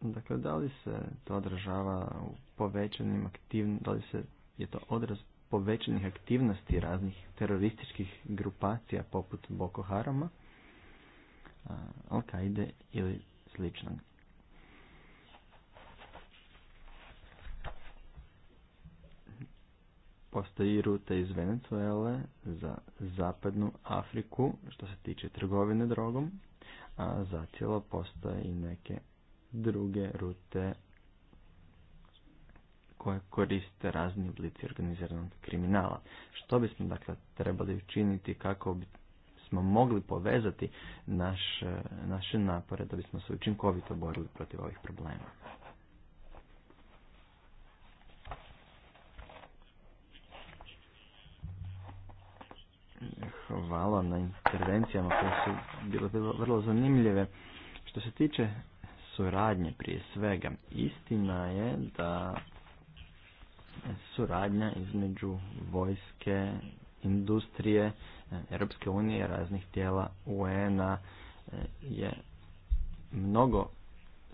Dakle, da li se to odražava u povećanim aktivnostima, da li se je to odraz povećanih aktivnosti raznih terorističkih grupacija poput Boko Harama, Al-Qaide ili sličnog. Postoji rute iz Venezuele za zapadnu Afriku što se tiče trgovine drogom, a zacijelo postoje i neke druge rute koje koriste razni oblici organiziranog kriminala. Što bismo dakle trebali učiniti kako bismo mogli povezati naše napore da bismo se učinkovito borili protiv ovih problema. Hvala na intervencijama koje su bile vrlo zanimljive. Što se tiče suradnje prije svega, istina je da suradnja između vojske, industrije, e, Europske unije, raznih tijela UN-a e, je mnogo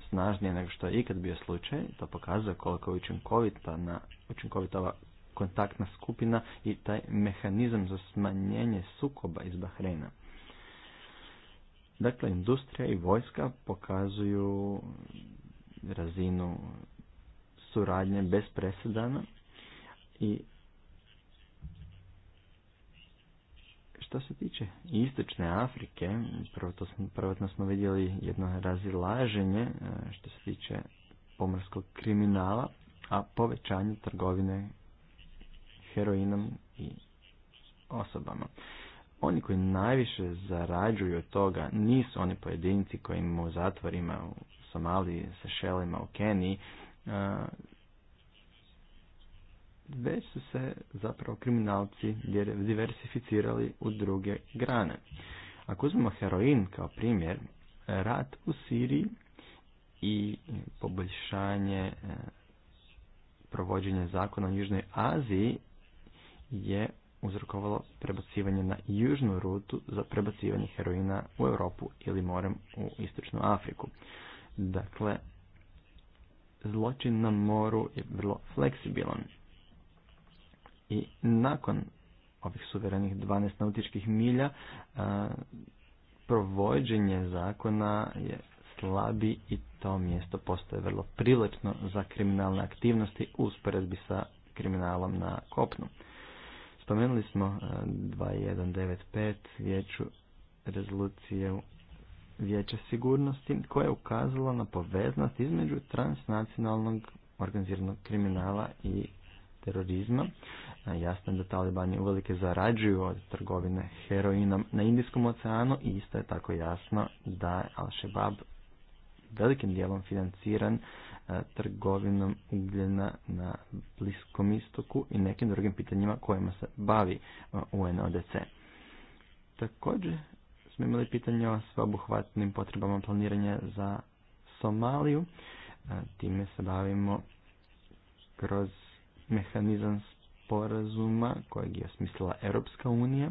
snažnije nego što je ikad bio slučaj. To pokazuje koliko je učinkovita, na, učinkovita ova kontaktna skupina i taj mehanizam za smanjenje sukoba iz Bahreina. Dakle, industrija i vojska pokazuju razinu suradnje bez presedana i što se tiče istočne Afrike, prvotno smo vidjeli jedno razilaženje e, što se tiče pomorskog kriminala, a povećanje trgovine heroinom i osobama. Oni koji najviše zarađuju od toga nisu oni pojedinci koji imamo u zatvorima u Somaliji, Sešelima, u Keniji, e, već su se zapravo kriminalci diversificirali u druge grane. Ako uzmemo heroin kao primjer, rat u Siriji i poboljšanje e, provođenja zakona u Južnoj Aziji je uzrokovalo prebacivanje na južnu rutu za prebacivanje heroina u Europu ili morem u Istočnu Afriku. Dakle, zločin na moru je vrlo fleksibilan. I nakon ovih suverenih 12 nautičkih milja provođenje zakona je slabi i to mjesto postaje vrlo prilično za kriminalne aktivnosti usporedbi sa kriminalom na kopnu. Spomenuli smo 2195 vijeću rezolucije Vijeća sigurnosti koja je ukazala na poveznost između transnacionalnog organiziranog kriminala i terorizma Jasno je da talibani uvelike zarađuju od trgovine heroinom na Indijskom oceanu i isto je tako jasno da je Al-Shabaab velikim dijelom financiran e, trgovinom ugljena na Bliskom istoku i nekim drugim pitanjima kojima se bavi e, UNODC. Također smo imali pitanje o sveobuhvatnim potrebama planiranja za Somaliju. E, time se bavimo kroz mehanizam sporazuma kojeg je osmislila Europska unija.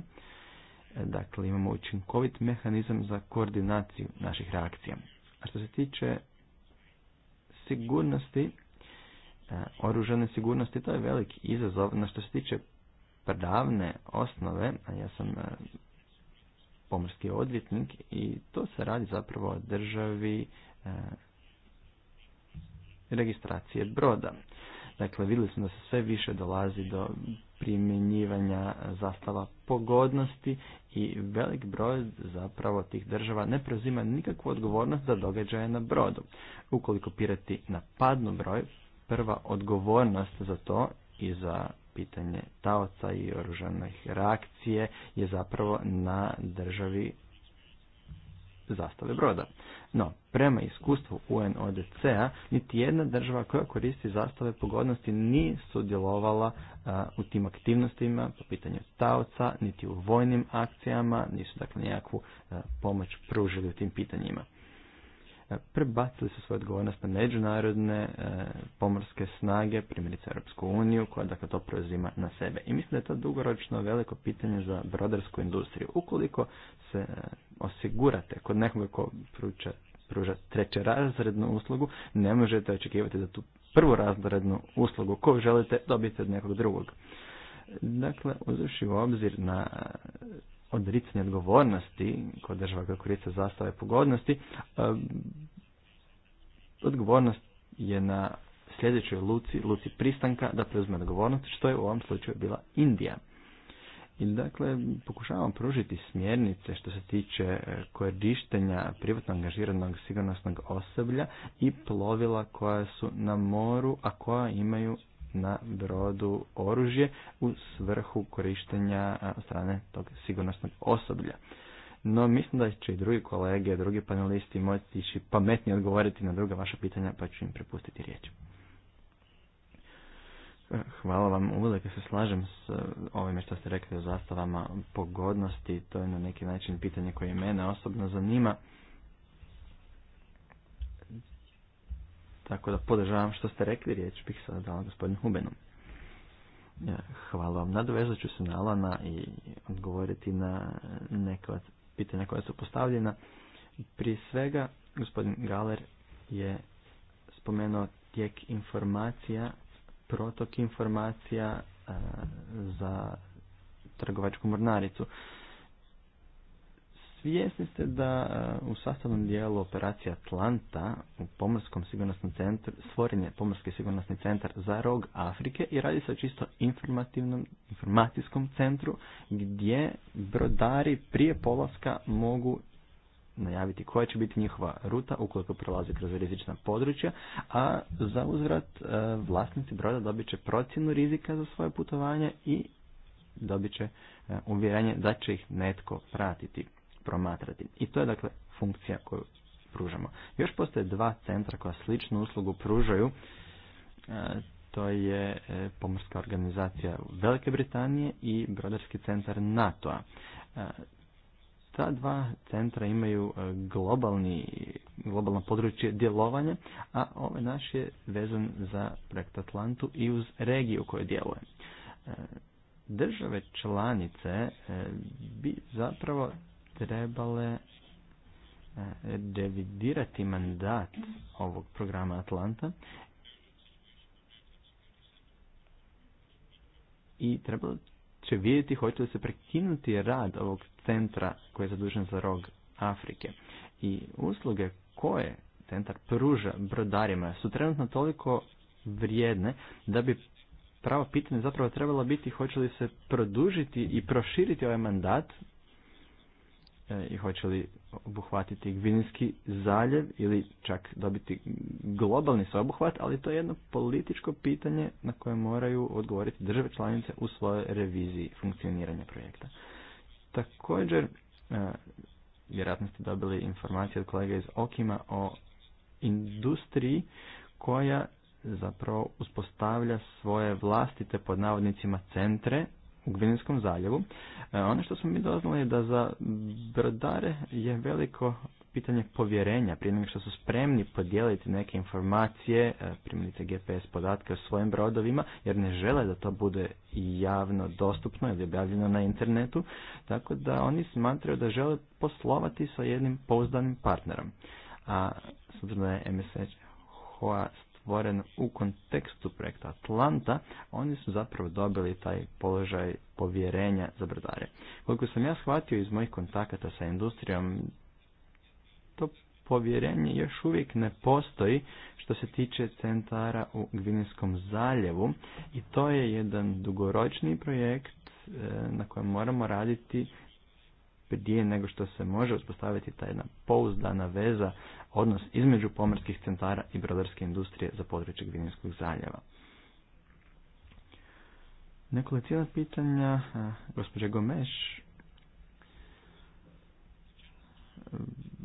Dakle, imamo učinkovit mehanizam za koordinaciju naših reakcija. A što se tiče sigurnosti, e, oružane sigurnosti, to je velik izazov. Na što se tiče pravne osnove, a ja sam e, pomorski odvjetnik i to se radi zapravo o državi e, registracije broda. Dakle, vidjeli smo da se sve više dolazi do primjenjivanja zastava pogodnosti i velik broj zapravo tih država ne preuzima nikakvu odgovornost za događaje na brodu. Ukoliko pirati napadnu broj, prva odgovornost za to i za pitanje taoca i oružanih reakcije je zapravo na državi zastave broda. No, prema iskustvu UNODC-a, niti jedna država koja koristi zastave pogodnosti nije sudjelovala u tim aktivnostima po pitanju stavca, niti u vojnim akcijama, nisu dakle nekakvu pomoć pružili u tim pitanjima. prebacili su svoju odgovornost na međunarodne pomorske snage, primjerice Europsku uniju, koja dakle to preuzima na sebe. I mislim da je to dugoročno veliko pitanje za brodarsku industriju. Ukoliko se osigurate kod nekoga ko pruča pruža treće razrednu uslugu, ne možete očekivati da tu prvu razrednu uslugu koju želite dobiti od nekog drugog. Dakle, uzvrši u obzir na odricanje odgovornosti kod država kako zastave pogodnosti, odgovornost je na sljedećoj luci, luci pristanka da preuzme odgovornost, što je u ovom slučaju bila Indija. I dakle, pokušavam pružiti smjernice što se tiče e, korištenja privatno angažiranog sigurnosnog osoblja i plovila koja su na moru, a koja imaju na brodu oružje u svrhu korištenja e, strane tog sigurnosnog osoblja. No, mislim da će i drugi kolege, drugi panelisti moći pametnije odgovoriti na druga vaša pitanja, pa ću im prepustiti riječ. Eh, hvala vam, uvijek se slažem s eh, ovime što ste rekli o zastavama pogodnosti, to je na neki način pitanje koje mene osobno zanima. Tako da podržavam što ste rekli, riječ bih sada dala gospodinu Hubenu. Eh, hvala vam, nadovezat ću se na Alana i odgovoriti na neka pitanja koja su postavljena. Prije svega, gospodin Galer je spomenuo tijek informacija protok informacija e, za trgovačku mornaricu. Svjesni ste da e, u sastavnom dijelu Operacija Atlanta u Pomorskom sigurnosnom centru stvoren je Pomorski sigurnosni centar za rog Afrike i radi se o čisto informativnom informacijskom centru gdje brodari prije polaska mogu najaviti koja će biti njihova ruta ukoliko prolaze kroz rizična područja, a za uzvrat e, vlasnici broda dobit će procjenu rizika za svoje putovanje i dobit će e, uvjerenje da će ih netko pratiti, promatrati. I to je dakle funkcija koju pružamo. Još postoje dva centra koja sličnu uslugu pružaju. E, to je pomorska organizacija Velike Britanije i Brodarski centar NATO-a ta dva centra imaju e, globalni, globalno područje djelovanja, a ovaj naš je vezan za projekt Atlantu i uz regiju kojoj djeluje. E, države članice e, bi zapravo trebale revidirati mandat ovog programa Atlanta i trebalo će vidjeti hoće li se prekinuti rad ovog centra koji je zadužen za rog Afrike. I usluge koje centar pruža brodarima su trenutno toliko vrijedne da bi pravo pitanje zapravo trebalo biti hoće li se produžiti i proširiti ovaj mandat e, i hoće li obuhvatiti Gvinski zaljev ili čak dobiti globalni sveobuhvat, ali to je jedno političko pitanje na koje moraju odgovoriti države članice u svojoj reviziji funkcioniranja projekta. Također, e, vjerojatno ste dobili informacije od kolega iz Okima o industriji koja zapravo uspostavlja svoje vlastite pod navodnicima centre u Gvinskom zaljevu. E, ono što smo mi doznali je da za brodare je veliko pitanje povjerenja. Prije nego što su spremni podijeliti neke informacije, e, primjerice GPS podatke o svojim brodovima, jer ne žele da to bude javno dostupno ili objavljeno na internetu, tako da oni smatraju da žele poslovati sa jednim pouzdanim partnerom. A s obzirom da je MSH HOA stvoren u kontekstu projekta Atlanta, oni su zapravo dobili taj položaj povjerenja za brodare. Koliko sam ja shvatio iz mojih kontakata sa industrijom, to povjerenje još uvijek ne postoji što se tiče centara u Gvinijskom zaljevu i to je jedan dugoročni projekt e, na kojem moramo raditi prije nego što se može uspostaviti ta jedna pouzdana veza, odnos između pomorskih centara i brodarske industrije za područje Gvinijskog zaljeva. Nekolicina pitanja, e, gospođe Gomeš,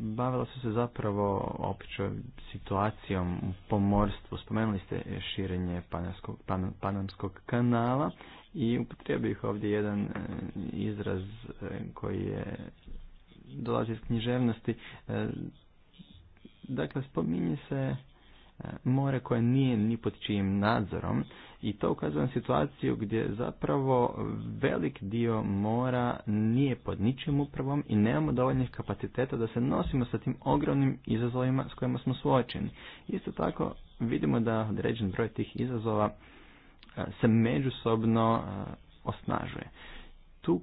bavila su se zapravo općo situacijom u pomorstvu. Spomenuli ste širenje panamskog, panamskog kanala i upotrijebio ih ovdje jedan e, izraz e, koji je dolazi iz književnosti. E, dakle, spominje se more koje nije ni pod čijim nadzorom i to ukazuje na situaciju gdje zapravo velik dio mora nije pod ničim upravom i nemamo dovoljnih kapaciteta da se nosimo sa tim ogromnim izazovima s kojima smo suočeni. Isto tako vidimo da određen broj tih izazova e, se međusobno e, osnažuje. Tu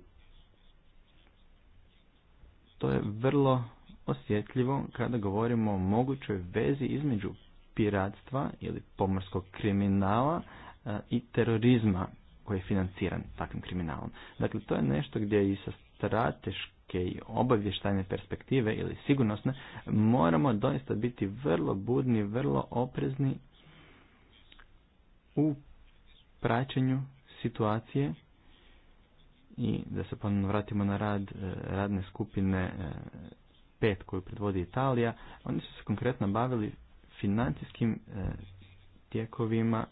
to je vrlo osjetljivo kada govorimo o mogućoj vezi između piratstva ili pomorskog kriminala E, i terorizma koji je financiran takvim kriminalom. Dakle, to je nešto gdje i sa strateške i obavještajne perspektive ili sigurnosne moramo doista biti vrlo budni, vrlo oprezni u praćenju situacije i da se ponovno vratimo na rad e, radne skupine e, pet koju predvodi Italija, oni su se konkretno bavili financijskim tijekovima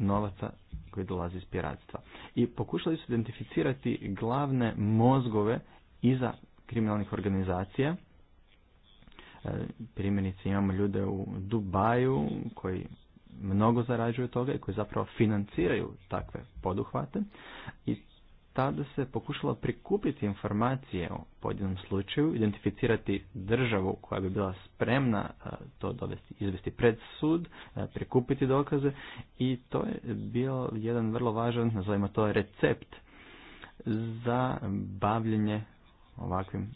novaca koji dolazi iz piratstva. I pokušali su identificirati glavne mozgove iza kriminalnih organizacija. E, primjerice imamo ljude u Dubaju koji mnogo zarađuju toga i koji zapravo financiraju takve poduhvate. I tada se pokušalo prikupiti informacije o pojedinom slučaju, identificirati državu koja bi bila spremna e, to dovesti, izvesti pred sud, e, prikupiti dokaze i to je bio jedan vrlo važan, nazovimo to recept za bavljenje ovakvim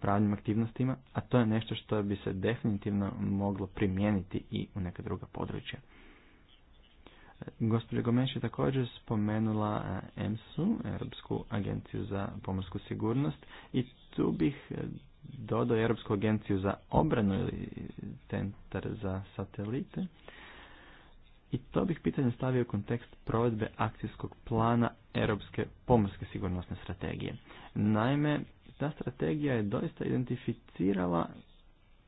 pravnim aktivnostima, a to je nešto što bi se definitivno moglo primijeniti i u neka druga područja. Gospođa Gomeš je također spomenula e, EMSU, Europsku agenciju za pomorsku sigurnost i tu bih e, dodao Europsku agenciju za obranu ili centar za satelite. I to bih pitanje stavio u kontekst provedbe akcijskog plana Europske pomorske sigurnosne strategije. Naime, ta strategija je doista identificirala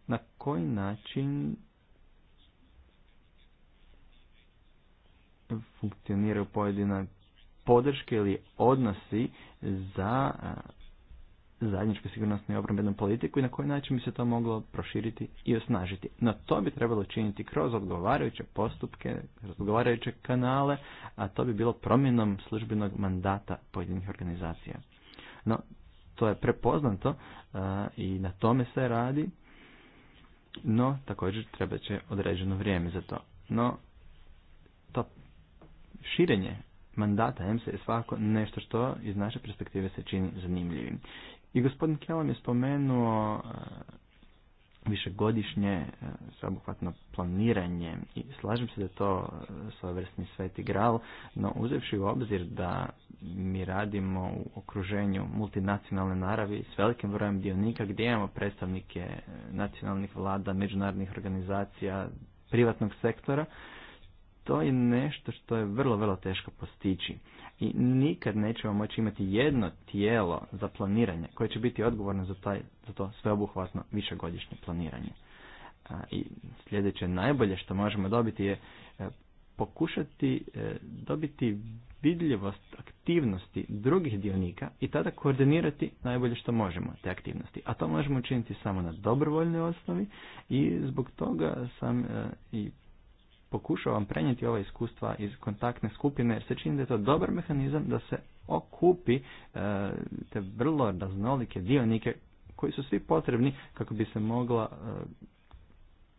na koji način funkcioniraju pojedine podrške ili odnosi za zajedničku sigurnosnu i obrambenu politiku i na koji način bi se to moglo proširiti i osnažiti. No to bi trebalo činiti kroz odgovarajuće postupke, kroz odgovarajuće kanale, a to bi bilo promjenom službenog mandata pojedinih organizacija. No, to je prepoznato i na tome se radi, no također treba će određeno vrijeme za to. No, širenje mandata EMSA je svako nešto što iz naše perspektive se čini zanimljivim. I gospodin Kjelom je spomenuo e, višegodišnje e, sveobuhvatno planiranje i slažem se da je to e, svojevrsni sveti gral, no uzevši u obzir da mi radimo u okruženju multinacionalne naravi s velikim brojem dionika gdje imamo predstavnike nacionalnih vlada, međunarodnih organizacija, privatnog sektora, je nešto što je vrlo, vrlo teško postići. I nikad nećemo moći imati jedno tijelo za planiranje koje će biti odgovorno za, taj, za to sveobuhvatno višegodišnje planiranje. I sljedeće najbolje što možemo dobiti je e, pokušati e, dobiti vidljivost aktivnosti drugih dionika i tada koordinirati najbolje što možemo te aktivnosti. A to možemo učiniti samo na dobrovoljnoj osnovi i zbog toga sam e, i Pokušavam prenijeti ova iskustva iz kontaktne skupine jer se čini da je to dobar mehanizam da se okupi e, te vrlo raznolike dionike koji su svi potrebni kako bi se mogla e,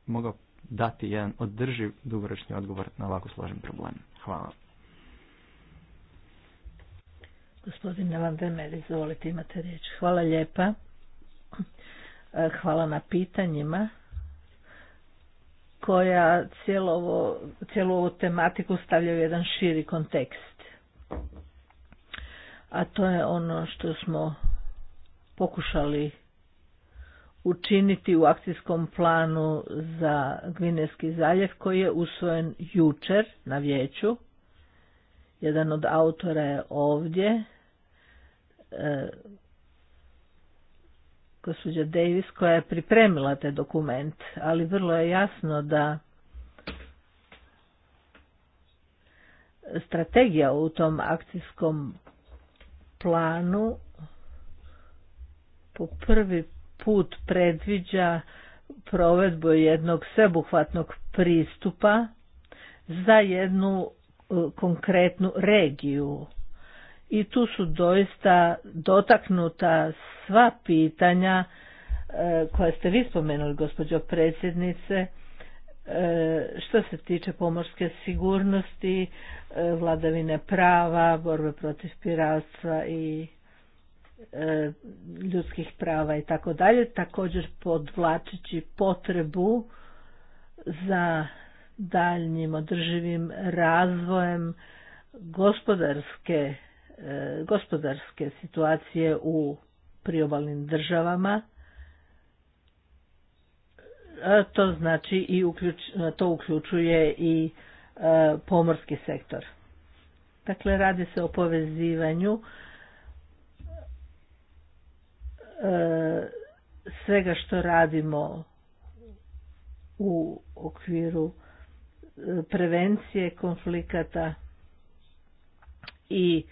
mogao dati jedan održiv dugoročni odgovor na ovako složen problem. Hvala. Gospodine izvolite, imate riječ. Hvala lijepa. E, hvala na pitanjima koja cijelu ovu tematiku stavlja u jedan širi kontekst. A to je ono što smo pokušali učiniti u akcijskom planu za Gvineski zaljev koji je usvojen jučer na vijeću. Jedan od autora je ovdje, e, gospođa Davis koja je pripremila te dokument, ali vrlo je jasno da strategija u tom akcijskom planu po prvi put predviđa provedbu jednog sveobuhvatnog pristupa za jednu e, konkretnu regiju i tu su doista dotaknuta sva pitanja e, koja ste vi spomenuli gospođo predsjednice e, što se tiče pomorske sigurnosti, e, vladavine prava, borbe protiv piratstva i ljudskih prava i tako dalje, također podvlačići potrebu za daljnjim održivim razvojem gospodarske E, gospodarske situacije u priobalnim državama e, to znači i e, to uključuje i pomorski sektor. Dakle, radi se o povezivanju svega što radimo u okviru prevencije konflikata i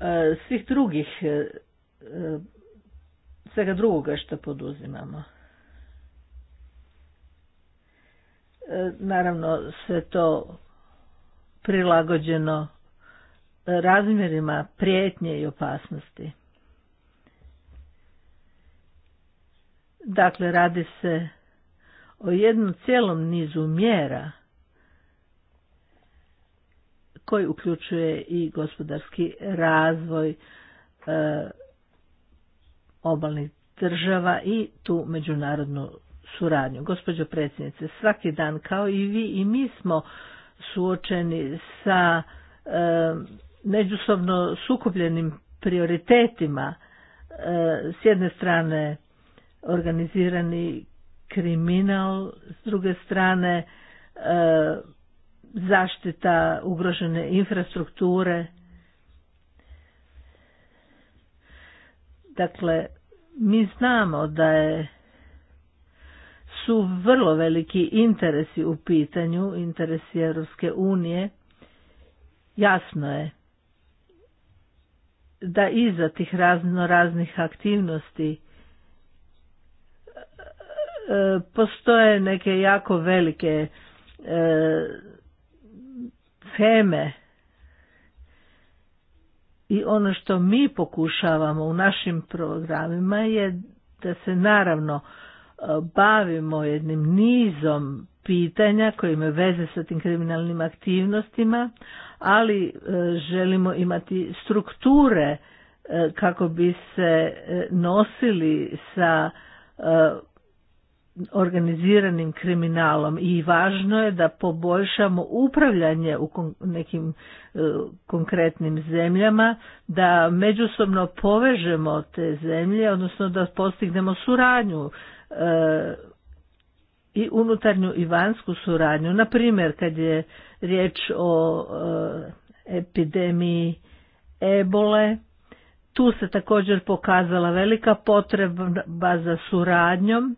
E, svih drugih e, e, svega drugoga što poduzimamo. Naravno sve to prilagođeno razmjerima prijetnje i opasnosti. Dakle, radi se o jednom cijelom nizu mjera – koji uključuje i gospodarski razvoj e, obalnih država i tu međunarodnu suradnju. Gospođo predsjednice, svaki dan kao i vi i mi smo suočeni sa e, međusobno sukupljenim prioritetima. E, s jedne strane organizirani kriminal, s druge strane e, zaštita ugrožene infrastrukture. Dakle, mi znamo da je su vrlo veliki interesi u pitanju, interesi Europske unije. Jasno je da iza tih razno raznih aktivnosti e, postoje neke jako velike e, Teme. i ono što mi pokušavamo u našim programima je da se naravno e, bavimo jednim nizom pitanja koje imaju veze sa tim kriminalnim aktivnostima, ali e, želimo imati strukture e, kako bi se nosili sa organiziranim kriminalom i važno je da poboljšamo upravljanje u nekim e, konkretnim zemljama, da međusobno povežemo te zemlje, odnosno da postignemo suradnju e, i unutarnju i vanjsku suradnju. Na primjer, kad je riječ o e, epidemiji ebole, tu se također pokazala velika potreba za suradnjom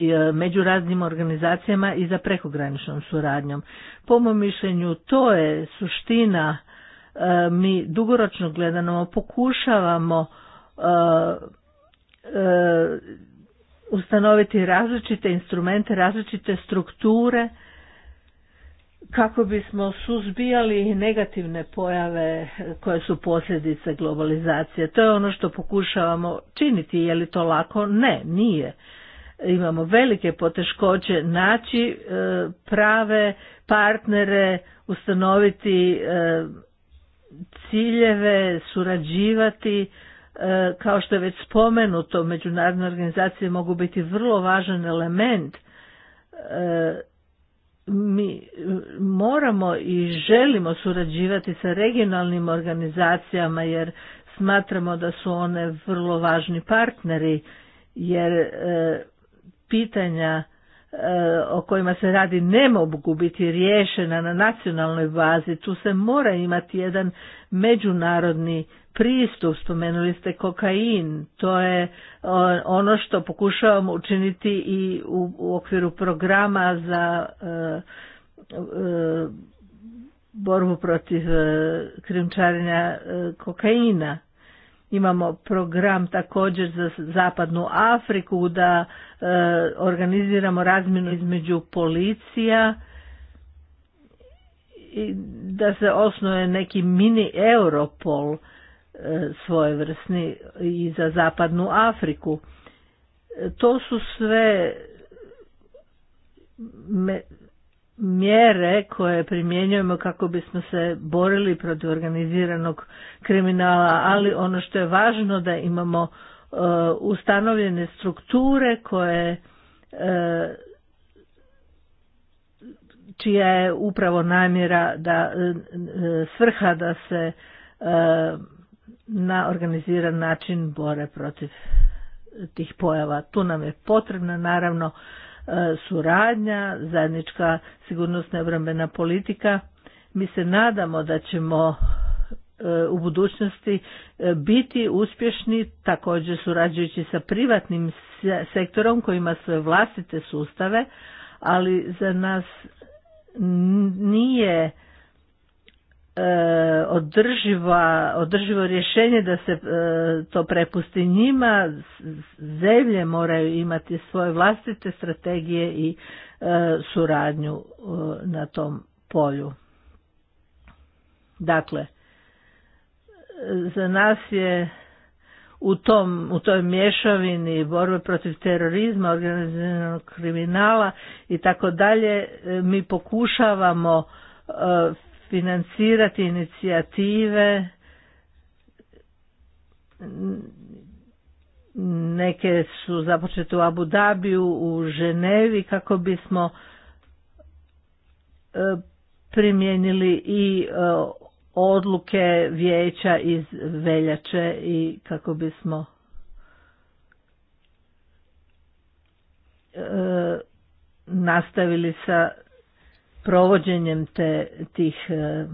E, među raznim organizacijama i za prekograničnom suradnjom. Po mom mišljenju to je suština, e, mi dugoročno gledano pokušavamo e, ustanoviti različite instrumente, različite strukture kako bismo suzbijali negativne pojave koje su posljedice globalizacije. To je ono što pokušavamo činiti. Je li to lako? Ne, nije imamo velike poteškoće naći e, prave partnere, ustanoviti e, ciljeve, surađivati, e, kao što je već spomenuto, međunarodne organizacije mogu biti vrlo važan element. Mi moramo i želimo surađivati sa regionalnim organizacijama jer smatramo da su one vrlo važni partneri jer pitanja e, o kojima se radi ne mogu biti riješena na nacionalnoj bazi, tu se mora imati jedan međunarodni pristup, spomenuli ste kokain, to je ono što pokušavamo učiniti i u, okviru programa za e, e, borbu protiv krijumčarenja kokaina imamo program također za zapadnu Afriku da e, organiziramo razmjenu između policija i da se osnuje neki mini Europol e, svojevrsni i za zapadnu Afriku. E, to su sve me, mjere koje primjenjujemo kako bismo se borili protiv organiziranog kriminala, ali ono što je važno da imamo e, ustanovljene strukture koje e, čija je upravo namjera da e, svrha da se na organiziran način bore protiv tih pojava. Tu nam je potrebna naravno E, suradnja, zajednička sigurnosna obrambena politika. Mi se nadamo da ćemo e, u budućnosti e, biti uspješni također surađujući sa privatnim sektorom koji ima svoje vlastite sustave, ali za nas nije e, održiva, održivo rješenje da se e, to prepusti njima, zemlje moraju imati svoje vlastite strategije i e, suradnju e, na tom polju. Dakle, za nas je u, tom, u toj mješavini borbe protiv terorizma, organiziranog kriminala i tako dalje, mi pokušavamo financirati inicijative neke su započete u Abu Dhabiju u Ženevi kako bismo e, primijenili i e, odluke vijeća iz veljače i kako bismo e, nastavili sa provođenjem te, tih e,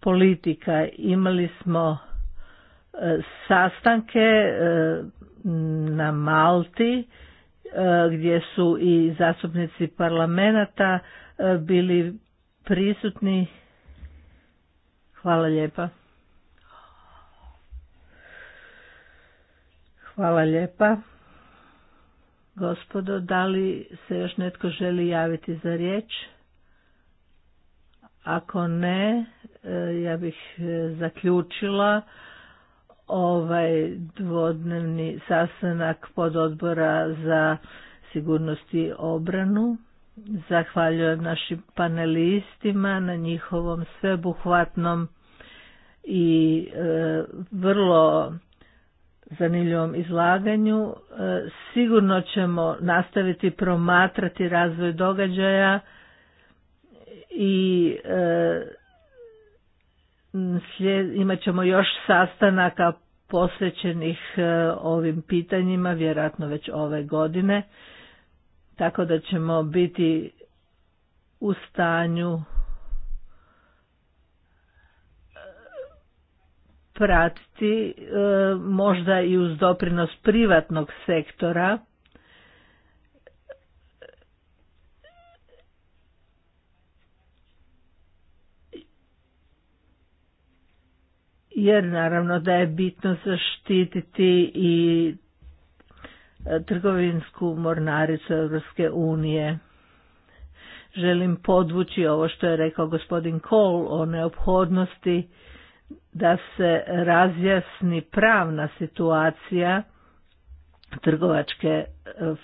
politika imali smo e, sastanke e, na Malti gdje su i zastupnici parlamenta bili prisutni. Hvala lijepa. Hvala lijepa gospodo, da li se još netko želi javiti za riječ? Ako ne, e, ja bih e, zaključila ovaj dvodnevni sastanak pod odbora za sigurnost i obranu. Zahvaljujem našim panelistima na njihovom sveobuhvatnom i e, vrlo zanimljivom izlaganju. E, sigurno ćemo nastaviti promatrati razvoj događaja i e, imat ćemo još sastanaka posvećenih e, ovim pitanjima, vjerojatno već ove godine, tako da ćemo biti u stanju pratiti e, možda i uz doprinos privatnog sektora jer naravno da je bitno zaštititi i e, trgovinsku mornaricu Europske unije. Želim podvući ovo što je rekao gospodin Kohl o neophodnosti da se razjasni pravna situacija trgovačke e,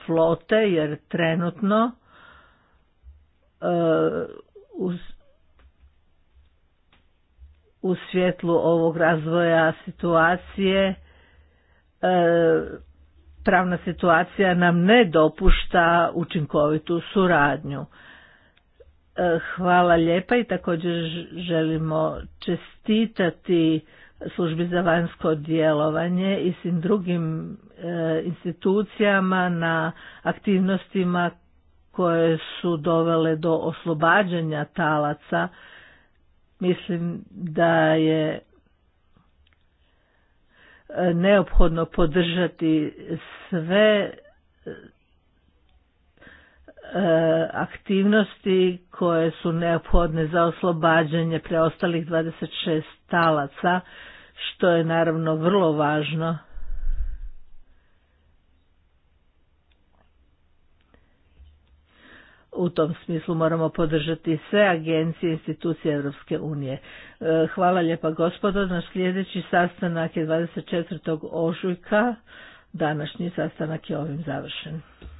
flote jer trenutno e, u svjetlu ovog razvoja situacije e, pravna situacija nam ne dopušta učinkovitu suradnju Hvala lijepa i također želimo čestitati službi za vanjsko djelovanje i svim drugim e, institucijama na aktivnostima koje su dovele do oslobađanja talaca. Mislim da je e, neophodno podržati sve E, aktivnosti koje su neophodne za oslobađanje preostalih 26 talaca, što je naravno vrlo važno. U tom smislu moramo podržati sve agencije i institucije Europske unije. E, hvala lijepa gospodo, naš sljedeći sastanak je 24. ožujka, današnji sastanak je ovim završen.